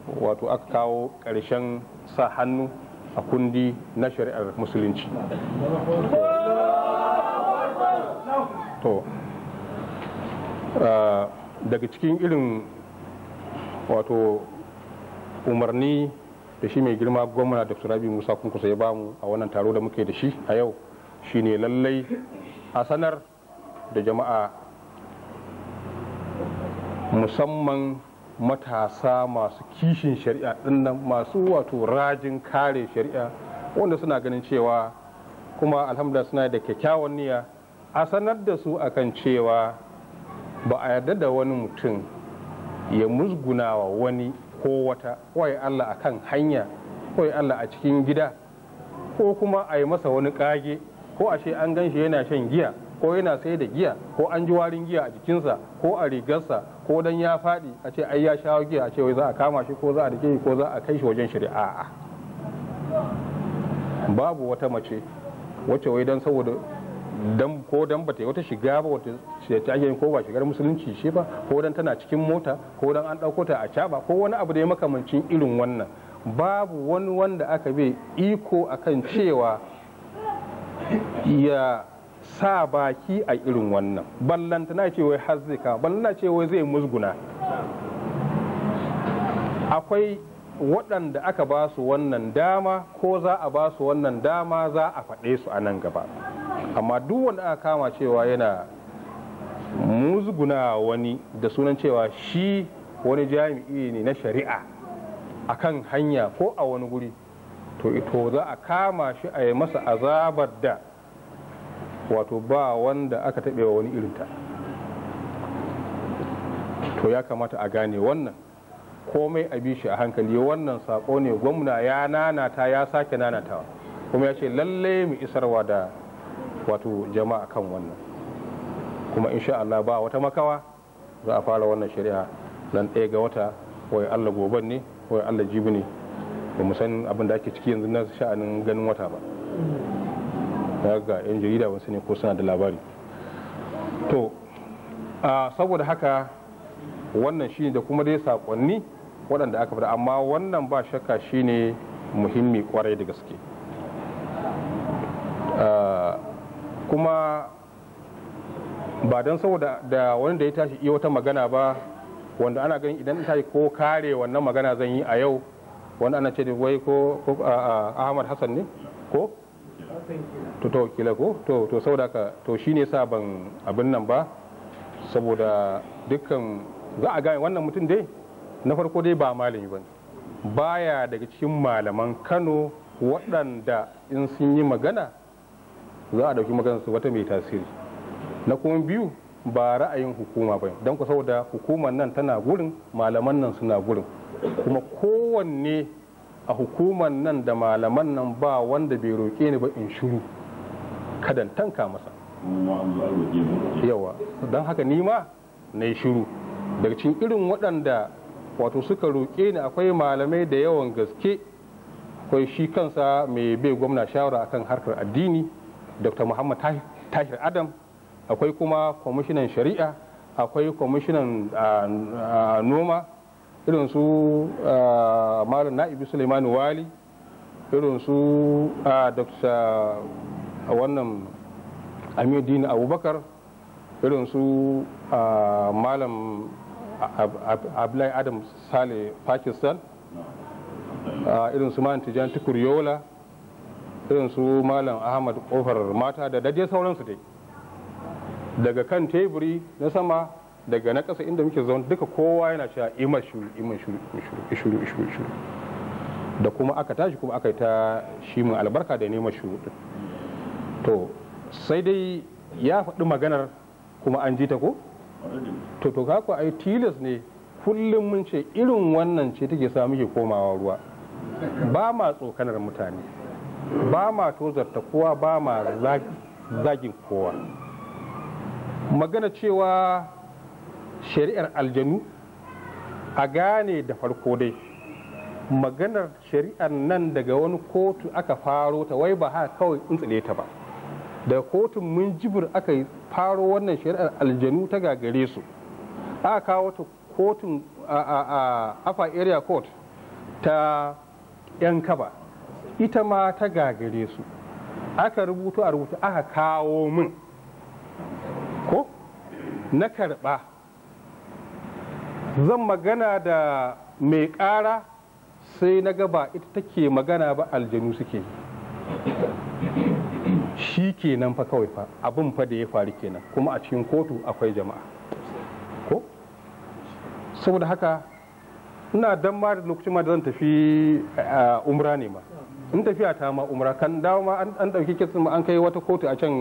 wato aka kawo ƙarshen sa hannu a kundi na shari'ar musulunci to ah, daga cikin irin wato umarni da shi mai girma gwamna dr rabi musa kunkusa ya bamu a wannan taro da muke da shi a yau shi ne lallai a sanar da jama'a musamman matasa masu kishin shari'a dinnan masu wato rajin kare shari'a wanda suna ganin cewa kuma alhamdulillah suna da kyakkyawan niyya a sanar da su akan cewa ba a yarda da wani mutum ya musguna wa wani ko wata wai Allah akan hanya ko Allah a cikin gida ko kuma a yi masa wani kage ko ashe an gan shi yana shan giya ko yana sai da giya ko an ji warin giya a jikinsa ko a rigarsa ko dan ya faɗi a ce ai ya sha giya a ce wai za a kama shi ko za a dake shi ko za a kai shi wajen shari'a babu wata mace wacce wai dan saboda dan ko dan bata wata shiga ba wata ta ake ko ba shigar musulunci shi ba ko dan tana cikin mota ko dan an ɗauko ta a caba ko wani abu da ya makamancin irin wannan babu wani wanda aka bai iko akan cewa ya sa baki a irin wannan ballantana ce wai hazzika ballantana ce wai zai musguna akwai waɗanda aka ba su wannan dama ko za a ba su wannan dama za a faɗe su a nan gaba amma duk wanda aka kama cewa yana musguna wani da sunan cewa shi wani jami'i ne na shari'a a kan hanya ko a wani guri to ito za a kama shi a yi masa azabar da wato ba wanda aka taɓewa wani irinta to ya kamata a gane wannan komai a bi shi a hankali wannan sako ne gwamna ya nanata ya sake nanatawa kuma ya ce lalle mu isarwa da wato jama'a kan wannan kuma insha Allah ba wata makawa za a fara wannan shari'a nan ɗaya ga wata wai Allah goban ne wai Allah jibi ne ba mu san abin da ake ciki yanzu na sha'anin ganin wata ba da ga yan jarida ba ne ko suna da labari to saboda haka wannan shine da kuma dai sakonni waɗanda aka fada amma wannan ba shakka shine muhimmi kwarai da gaske kuma ba don saboda da wani da ya tashi iya wata magana ba wanda ana ganin idan tashi ko kare wannan magana zan yi a yau wanda ana ce da wai ko ahmad hassan ne ko to ta kila ko to to saboda ka to shine sa ban abin nan ba saboda dukkan za a gane wannan mutum dai na farko dai ba malami ba baya daga cikin malaman Kano waɗanda in sun yi magana za a dauki maganar su wata mai tasiri na kuma biyu ba ra'ayin hukuma ba don ku saboda hukumar nan tana gurin malaman nan suna gurin kuma kowanne a hukumar nan da malaman nan ba wanda bai roƙe ni ba in shuru kadan tanka masa yawa don haka nima ma na shuru daga cikin irin waɗanda wato suka roƙe ni akwai malamai da yawan gaske akwai shi kansa mai bai gwamna shawara akan harkar addini dr muhammad tahir adam akwai kuma kwamishinan shari'a akwai kwamishinan ah, ah, noma irin su malam na'ibi suleiman wali irin su dr wannan amidin abubakar irin su malam abdullahi adam sale pakistan irin su malam tijan tukur yola irin su malam ahmad kofar mata da daje sauransu dai daga kan teburi na sama daga na ƙasa inda muke zaune duka kowa yana cewa iman shuru iman shuru shuru shuru shuru da kuma aka tashi kuma aka yi ta shi mun albarka da neman shuru din to sai dai ya faɗi maganar kuma an ji ta ko to to kako ai tilas ne kullum mun ce irin wannan ce take sa muke komawa ruwa ba ma tsokanar mutane ba ma tozarta kowa ba ma zagin kowa magana cewa shari'ar aljanu a gane da farko dai maganar shari'ar nan daga wani kotu aka faro ta wai ba haka kawai in tsile ta ba da kotun mun jibir aka faro wannan shari'ar aljanu ta gagare su aka kawo ta kotun a afa area court ta yan kaba ita ma ta gagare su aka rubutu a rubutu aka kawo min ko na karba zan magana da mai ƙara sai na gaba ita take magana ba aljanu suke shi kenan fa kawai fa abin fa da ya faru kenan kuma a cikin kotu akwai jama'a ko saboda haka ina dan ma da lokacin ma da zan tafi a umra ne ma in tafiya ta ma umra kan dawo ma an ɗauki kitsin ma an kai wata kotu a can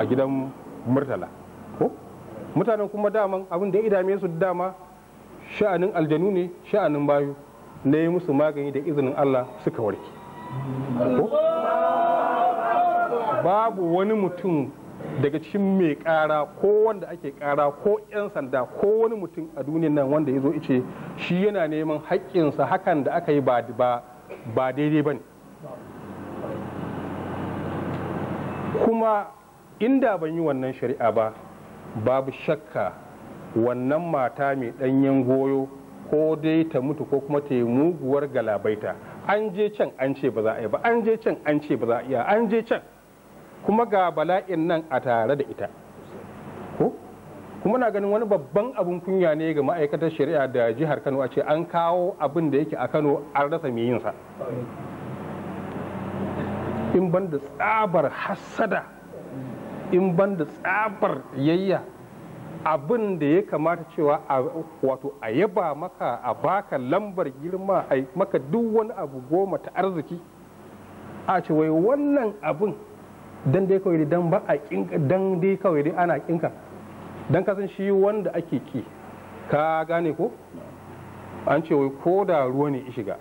a gidan murtala mutanen kuma daman abin da ya idame su dama sha'anin aljanu ne sha'anin bayu na yi musu magani da izinin Allah suka warke babu wani mutum daga cikin mai kara ko wanda ake kara ko 'yan sanda ko wani mutum a duniyan nan wanda ya zo ice shi yana neman haƙƙinsa hakan da aka yi ba daidai ba ne kuma inda ban yi wannan shari'a ba babu shakka wannan mata mai ɗanyen goyo ko dai ta mutu ko kuma ta yi muguwar galabaita an je can an ce ba za a yi ba an je can an ce ba za a iya an je can kuma ga bala'in nan a tare da ita ko kuma na ganin wani babban abin kunya ne ga ma'aikatar shari'a da jihar kano a ce an kawo abin da yake a kano an rasa mai yinsa in ban da tsabar hassada in ban da tsabar yayya abin da ya kamata cewa wato a yaba maka a baka lambar girma a maka duk wani abu goma ta arziki a ce wai wannan abin dan dai kawai dan ba a kinka dan dai kawai dai ana kinka dan kasan shi wanda ake ki ka gane ko an ce wai ko da ruwa ne ya shiga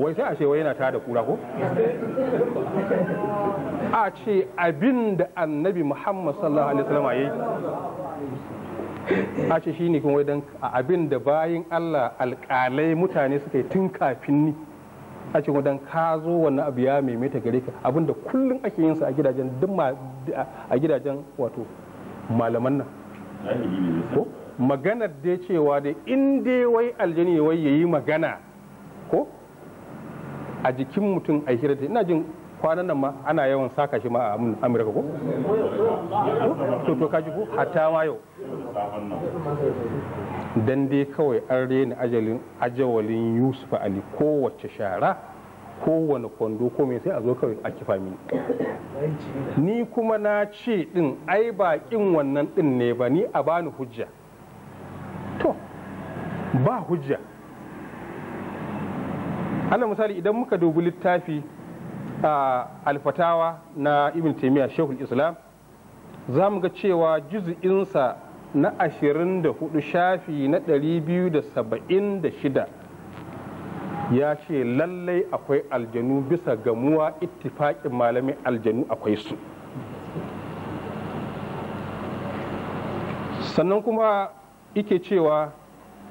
wai sai a ce wai yana da kura ko a ce abin da annabi muhammad sallallahu alaihi wasallam yayi a ce shine wai dan abin da bayin Allah alƙalai mutane suka yi tun kafin ni a ce don ka zo wannan abu ya maimaita gare ka abin da kullum ake yin sa a gidajen a gidajen wato malaman nan maganar da ya cewa da indai wai aljani wai yi magana ko a jikin mutum a hira ina jin kwanan nan ma ana yawan saka shi ma a amurka ko to to kaji ko hatta ma yau dan dai kawai an rena ajalin ajawalin yusuf ali kowace shara kowane kwando ko mai sai a zo kawai a kifa mini ni kuma na ce din ai baƙin wannan din ne ba ni a bani hujja ba hujja ana misali idan muka dubi littafi a alfatawa na ibn taimiyya shekul islam za mu ga cewa juzu'insa na 24 shafi na 276 ya ce lallai akwai aljanu bisa gamuwa ittifaƙin malamin aljanu akwai su sannan kuma ike cewa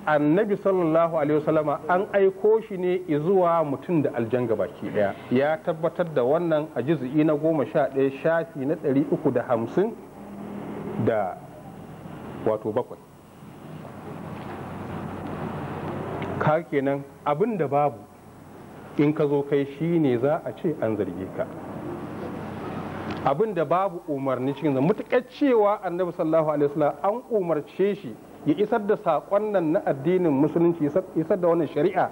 annabi sallallahu alaihi wasallama an aiko shi ne zuwa mutum da aljanga baki daya ya tabbatar da wannan a juz'i na goma sha ɗaya shafi na ɗari uku da hamsin da wato bakwai ka kenan abin da babu in ka zo kai shi ne za a ce an zarge ka abin da babu umarni cikin mutuƙar cewa annabi sallallahu alaihi wasallam an umarce shi ya isar da saƙon nan na addinin musulunci isar da wannan shari'a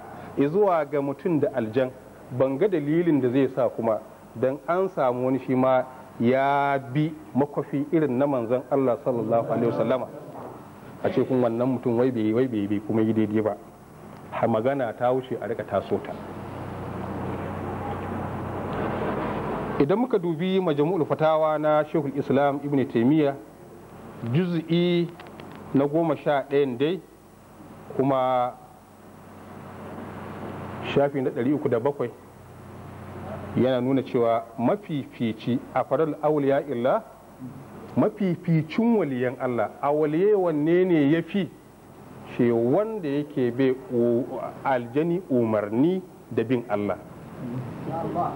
zuwa ga mutum da aljan ban ga dalilin da zai sa kuma don an samu wani shi ma ya bi makwafi irin na manzan Allah sallallahu alaihi wasallama a ce kun wannan mutum wai bai wai bai kuma yi daidai ba har magana ta wuce a rika taso ta idan muka dubi majmu'ul fatawa na Sheikhul Islam Ibn Taymiyyah juz'i na goma sha ɗayan dai kuma shafi na ɗari uku da bakwai yana nuna cewa mafifici a faral auliya illa mafificin waliyan Allah a waliye wanne ne ya fi shi wanda yake bai aljani umarni da bin Allah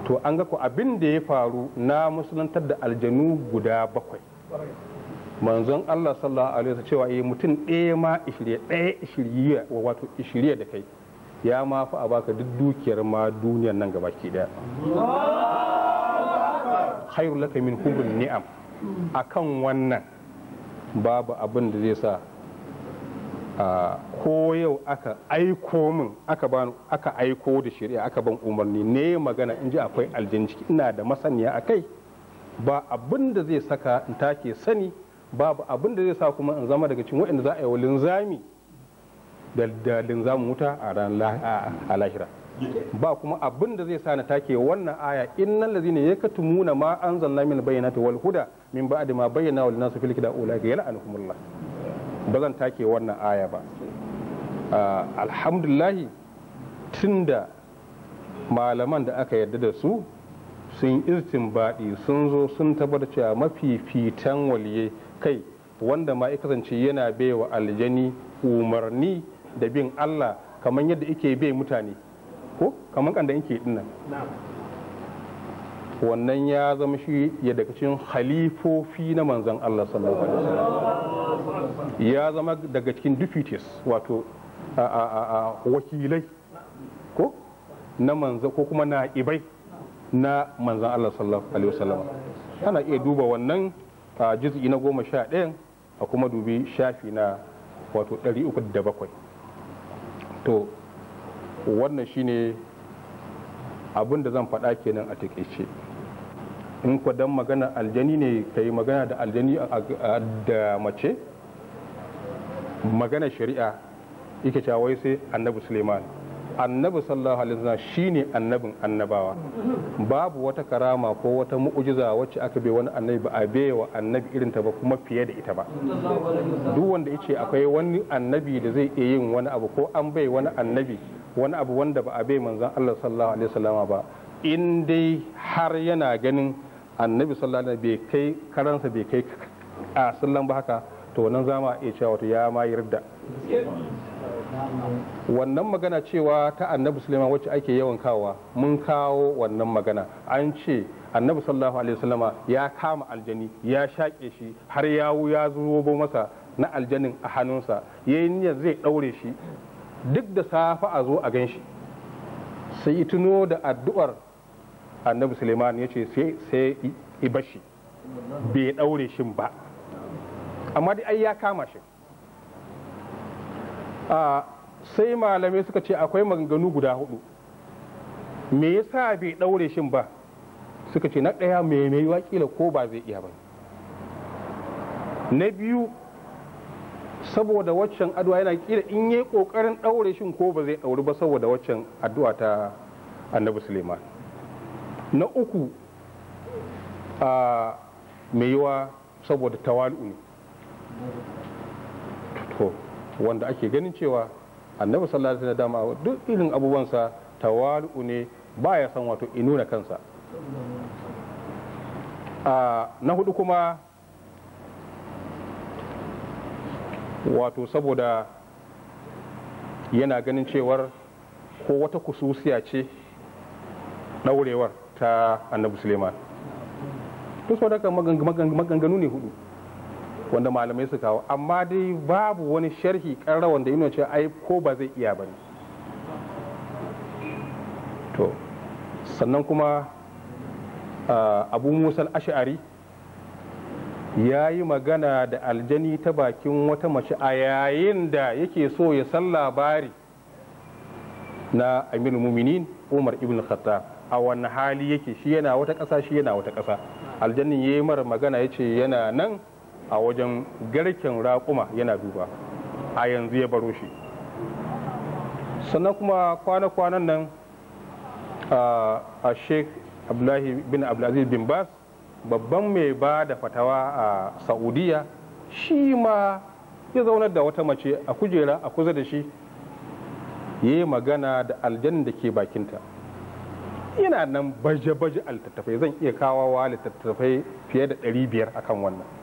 to an ga ku abin da ya faru na musulantar da aljanu guda bakwai manzon Allah sallallahu alaihi wasallam cewa eh mutum ɗaya ma ishirye ɗaya ishirye wato ishirye da kai ya ma fa a baka duk dukiyar ma duniyar nan gaba ki da. khairu laka min hubbun ni'am akan wannan babu abin da zai sa ko yau aka aiko min aka bani aka aiko da shari'a aka ban umarni ne magana in ji akwai aljin ina da masaniya akai ba abin da zai saka in take sani babu abin da zai sa kuma in zama daga cikin waɗanda za a yi wa linzami da linzamin wuta a ranar lahira ba kuma abin da zai sa na take wannan aya ne ya ladzina muna ma an zanna min bayyana ta walhuda min da ma bayyana wa wal nasu fil kitabi ulaika yal'anuhumullah ba zan take wannan aya ba tun tunda malaman da aka yarda da su sun baɗi sun zo sun tabbatar cewa mafifitan waliyai kai wanda ma ya kasance yana baiwa aljani umarni da bin Allah kamar yadda yake bai mutane ko kamar kanda yake dinnan wannan ya zama shi ya daga cikin halifofi na manzan Allah sallallahu alaihi wasallam ya zama daga cikin deputies wato wakilai ko na manzo ko kuma na ibai na manzan Allah sallallahu alaihi wasallam ana iya duba wannan a juz'i na goma sha ɗayan a kuma dubi shafi na wato ɗari uku da bakwai to wannan shine abin da zan faɗa kenan a takaice in ku dan magana aljani ne ka yi magana da aljani da mace magana shari'a ike cewa sai annabi suleiman annabi sallallahu alaihi wasallam shine annabin annabawa babu wata karama ko wata mu'ujiza wacce aka bai wani annabi ba a bai wa annabi irin ta ba kuma fiye da ita ba duk wanda yace akwai wani annabi da zai iya yin wani abu ko an bai wani annabi wani abu wanda ba a bai manzon Allah sallallahu alaihi wasallam ba in dai har yana ganin annabi sallallahu alaihi bai kai karansa bai kai a sallan ba haka to nan zama iya cewa wato ya ma yarda wannan magana cewa ta annabi suleiman wacce ake yawan kawa mun kawo wannan magana an ce annabi sallallahu alaihi wasallama ya kama aljani ya shaƙe shi har ya ya zubo masa na aljanin a hannunsa ya yi niyyar zai ɗaure shi duk da safa a zo a gan shi sai tuno da addu'ar annabi suleiman ya ce sai bashi bai ɗaure shi ba amma dai ai ya kama shi sai malamai suka ce akwai maganganu guda hudu me yasa bai ɗaure shin ba suka ce na ɗaya mai mai wakila ko ba zai iya ba na biyu saboda waccan addu'a yana kila in yi ƙoƙarin ɗaure shin ko ba zai dauri ba saboda waccan addu'a ta annabi suleiman na uku a mai yiwa saboda tawalu ne wanda ake ganin cewa annabi sallallahu alaihi wasallam dama duk irin abubuwansa tawalu ne baya san wato inuna kansa a na hudu kuma wato saboda yana ganin cewar ko wata kususiya ce ɗaurewar ta annabi suleiman to saboda maganganu ne hudu wanda malamai su kawo amma dai babu wani sharhi karra wanda yana ce ai ko ba zai iya ba to sannan kuma abu musal ash'ari ya yi magana da aljani ta bakin wata mace a yayin da yake so ya san labari na amir muminin umar ibn khattab a wani hali yake shi yana wata ƙasa shi yana wata ƙasa aljannin ya yi mara magana ya ce yana nan a wajen garken raƙuma yana duba a yanzu ya baro shi sannan kuma kwana-kwanan nan a sheikh abdullahi bin abdulaziz bin bas babban mai ba da fatawa a saudiya shi ma ya zaunar da wata mace a kujera a kusa da shi ya yi magana da aljanna da ke bakinta yana nan baje-baje litattafai zan iya kawawa littattafai fiye da 500 kan wannan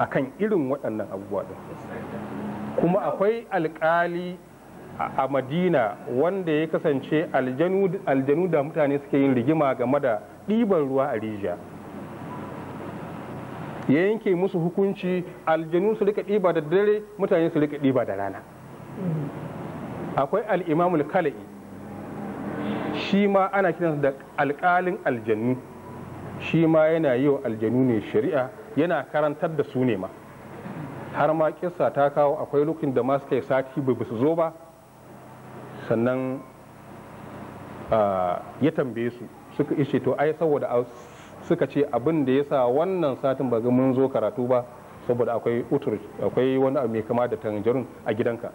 akan irin waɗannan abubuwa ɗin kuma akwai alƙali a madina wanda ya kasance aljanu da mutane suke yin rigima game da ɗiban ruwa a rijiya ya yanke musu hukunci aljanu su rika ɗiba da dare mutane su rika ɗiba da rana akwai al'imamul kala'i shi ma ana kiransa da alƙalin aljanu shi ma yana yi wa aljanu ne shari'a yana karantar da su ne ma har ma kisa ta kawo akwai lokacin da masu kai sati bai su zo ba sannan ya tambaye su suka ishe to ai saboda suka ce abin da ya sa wannan satin ba ga mun zo karatu ba saboda akwai utur akwai wani abu mai kama da tanjarin a gidanka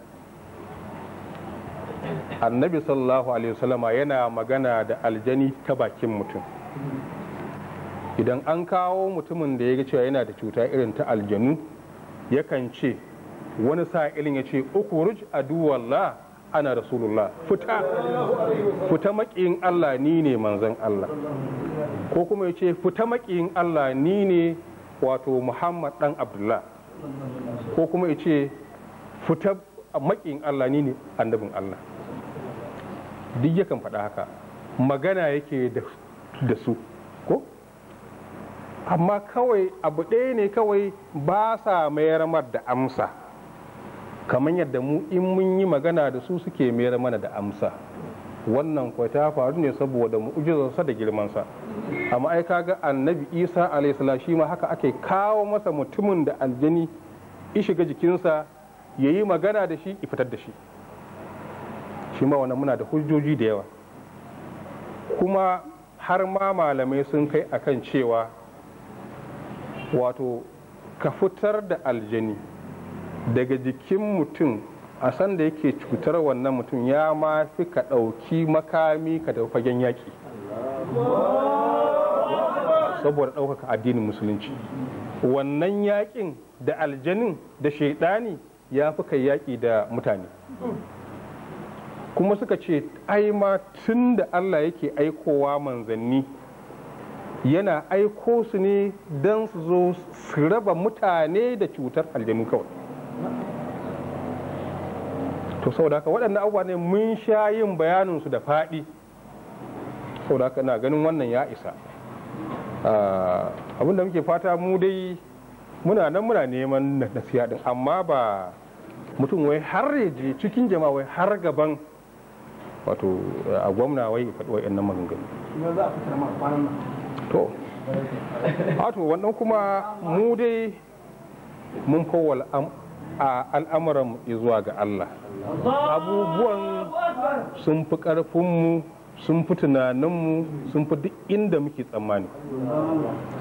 annabi sallallahu alaihi wasallama yana magana da aljani ta bakin mutum idan an kawo mutumin da ya ga cewa yana da cuta irin ta aljanu yakan ce wani sa'ilin ya ce ukuruj aduwallah ana rasulullah fita fita maƙiyin Allah ni ne manzon Allah ko kuma ya ce fita maƙiyin Allah ni ne wato Muhammad dan Abdullah ko kuma ya ce fita maƙiyin Allah ni ne annabin Allah duk yakan faɗa haka magana yake da su ko amma kawai abu ɗaya ne kawai ba sa mayar mar da amsa kamar yadda mu in mun yi magana da su suke mayar mana da amsa wannan kwa ta faru ne saboda mu mu'ujizarsa da girmansa amma ai ga annabi isa alaihissalam shi ma haka ake kawo masa mutumin da aljani in shiga jikinsa ya yi magana da shi ya fitar da shi shi ma wannan muna da hujjoji da yawa kuma har ma malamai sun kai akan cewa wato ka fitar da aljani daga jikin mutum a sanda yake cutar wannan mutum ya ma fi ka ɗauki makami ka da fagen yaƙi saboda ɗaukaka addinin musulunci wannan yaƙin da aljanin da shaiɗani ya fi kai yaƙi da mutane kuma suka ce ai ma tun da allah yake aikowa manzanni yana aiko su ne don su zo su raba mutane da cutar aljanu kawai to saboda haka waɗannan abubuwa ne mun sha yin bayaninsu da faɗi saboda haka na ganin wannan ya isa ah, abinda muke fata mu dai muna nan muna neman nasiya din amma ba mutum wai har je cikin jama'a wai har gaban wato a gwamna wai faɗi wa'annan maganganu. za a fitar to ato wannan kuma mu dai mun fawwal al'amuran zuwa ga Allah abubuwan sun fi ƙarfinmu sun fi tunaninmu sun fi duk inda muke tsammani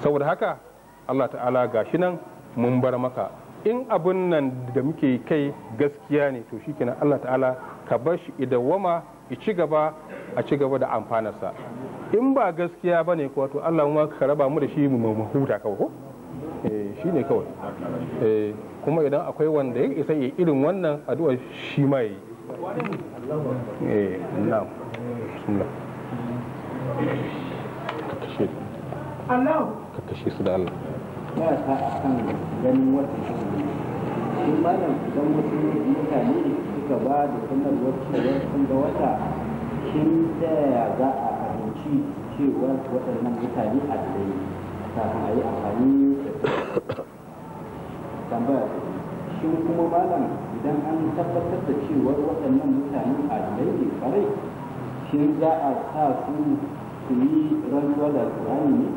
saboda haka Allah ta'ala ga shi nan mun bar maka in abun nan da muke kai gaskiya ne to shikenan Allah ta'ala ka bar shi idan wama ci gaba a ci gaba da amfanarsa in ba gaskiya ba ne kuwa to Allah ma ka raba mu da shi mu huta kawai ko eh, shi ne kawai eh, kuma idan akwai wanda ya isa ya irin wannan addu'a shi ma yi eh, ka kashe su da Allah ba ka kan ganin wata shi malam idan wasu mutane suka ba da sanarwar cewa sun ga wata shin ta za a ji cewa waɗannan mutane a dare kafin a yi amfani da tambaya shi kuma malam idan an tabbatar da cewa waɗannan mutane a dare ne kwarai shin za a sa su su yi rantsuwa da turani ne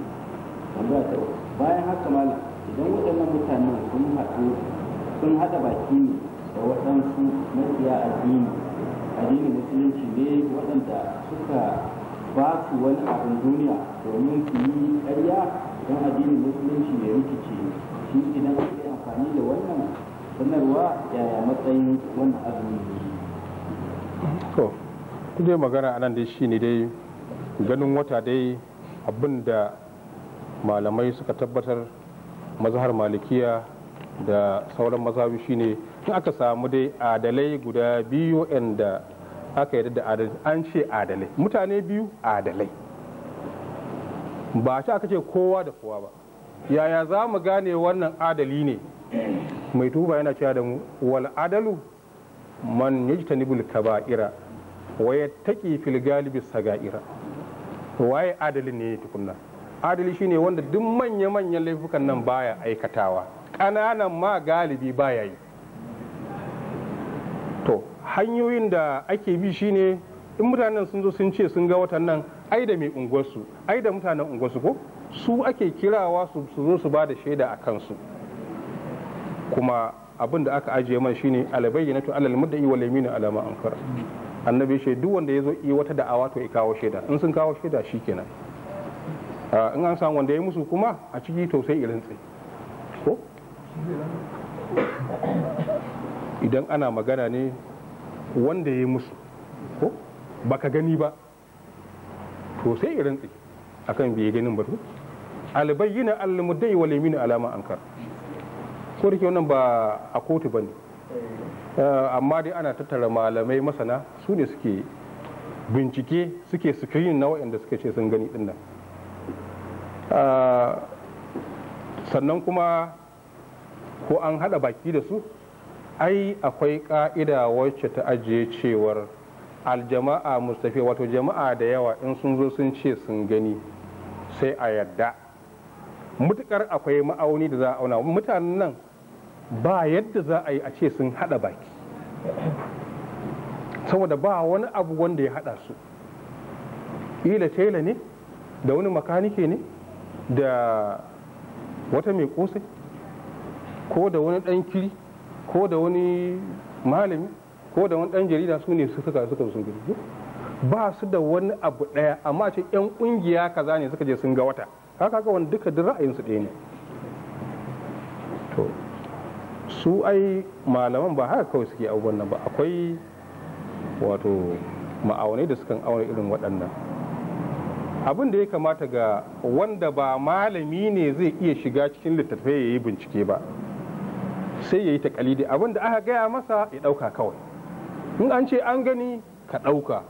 tambaya ta bayan haka malam idan waɗannan mutanen sun haɗu sun haɗa baki ne da waɗansu mafiya addini addinin musulunci ne waɗanda suka ba su wani abin duniya domin su yi karya don addinin musulunci ya rikice shi idan ka yi amfani da wannan sanarwa yaya matsayin wannan azumi to dai magana anan dai shine dai ganin wata dai abin da malamai suka tabbatar mazhar malikiya da sauran mazhabi shine in aka samu dai adalai guda biyu da aka yarda da adalci an ce adalai mutane biyu adalai ba ta aka ce kowa da kowa ba yaya za mu gane wannan adali ne mai tuba yana cewa da mu wal adalu man yajtanibul kaba'ira wa yattaqi fil galibi saga'ira waye adali ne tukunna adali shine wanda duk manya manyan laifukan nan baya aikatawa ƙananan ma galibi baya yi to hanyoyin da ake bi shine in mutanen sun zo sun ce sun ga watan nan ai da mai unguwarsu ai da mutanen unguwarsu ko su ake kirawa su zo su ba da shaida a kansu kuma abin da aka ajiye man shine na alal mudda'i wal yaminu alama ankara annabi shi duk wanda ya zo yi wata da'awa to ya kawo shaida in sun kawo shaida shikenan in an samu wanda ya musu kuma a ciki to sai irin tsaye ko idan ana magana ne wanda ya yi musu ko baka gani ba to sai irin tsi akan bai ganin ba to albayyina almudai wal yamin alama ankar ko da wannan ba a kotu bane eh, amma dai ana tattara malamai masana su ne suke bincike suke screen na waɗanda suka ce sun gani dinnan ah, sannan kuma ko an hada baki da su ai akwai ka'ida wacce ta ajiye cewar aljama'a mustafi wato jama'a da yawa in sun zo sun ce sun gani sai a yadda mutukar akwai ma'auni da za a auna mutanen nan ba yadda za a yi a ce sun hada baki saboda ba wani abu wanda ya hada su ila tela ne da wani makanike ne da wata mai kosai ko da wani dan kiri ko da wani malami ko da wani dan jarida su ne suka suka sun ba su da wani abu daya amma ce yan kungiya kaza ne suka je sun ga wata haka ga wani duka duk ra'ayin su ɗaya ne to su ai malaman ba haka kawai suke abubuwan nan ba akwai wato ma'aunai da sukan auna irin waɗannan abin da ya kamata ga wanda ba malami ne zai iya shiga cikin littattafai ya yi bincike ba sai ya yi takalidi abin da aka gaya masa ya ɗauka kawai in an ce an gani ka ɗauka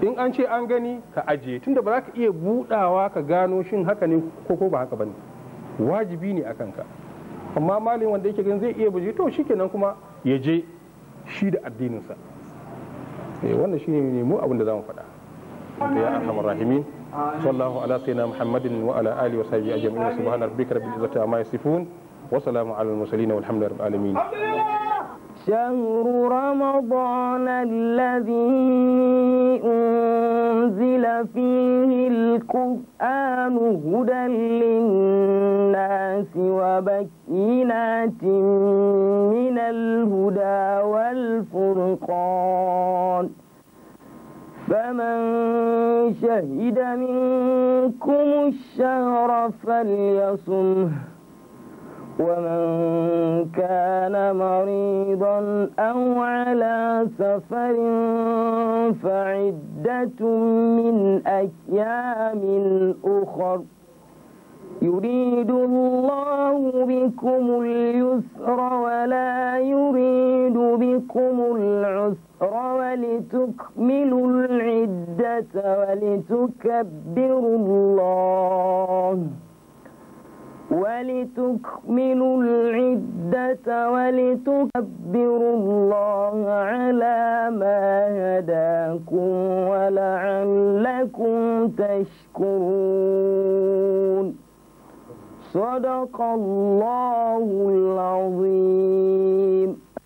in an ce an gani ka ajiye tunda ba za ka iya buɗawa ka gano shin haka ne ko ko ba haka ba wajibi ne a kanka amma malin wanda yake gani zai iya buje to kenan kuma ya je shi da addininsa eh, wannan shi ne mu abin da za mu faɗa ya arhamar rahimin sallahu ala sayyidina muhammadin wa ala alihi wa sahbihi ajma'in subhana rabbika rabbil izzati amma وسلام على المرسلين والحمد لله رب العالمين شهر رمضان الذي أنزل فيه القرآن هدى للناس وبينات من الهدى والفرقان فمن شهد منكم الشهر فليصمه ومن كان مريضا أو على سفر فعدة من أيام أخر يريد الله بكم اليسر ولا يريد بكم العسر ولتكملوا العدة ولتكبروا الله ولتكملوا العدة ولتكبروا الله على ما هداكم ولعلكم تشكرون صدق الله العظيم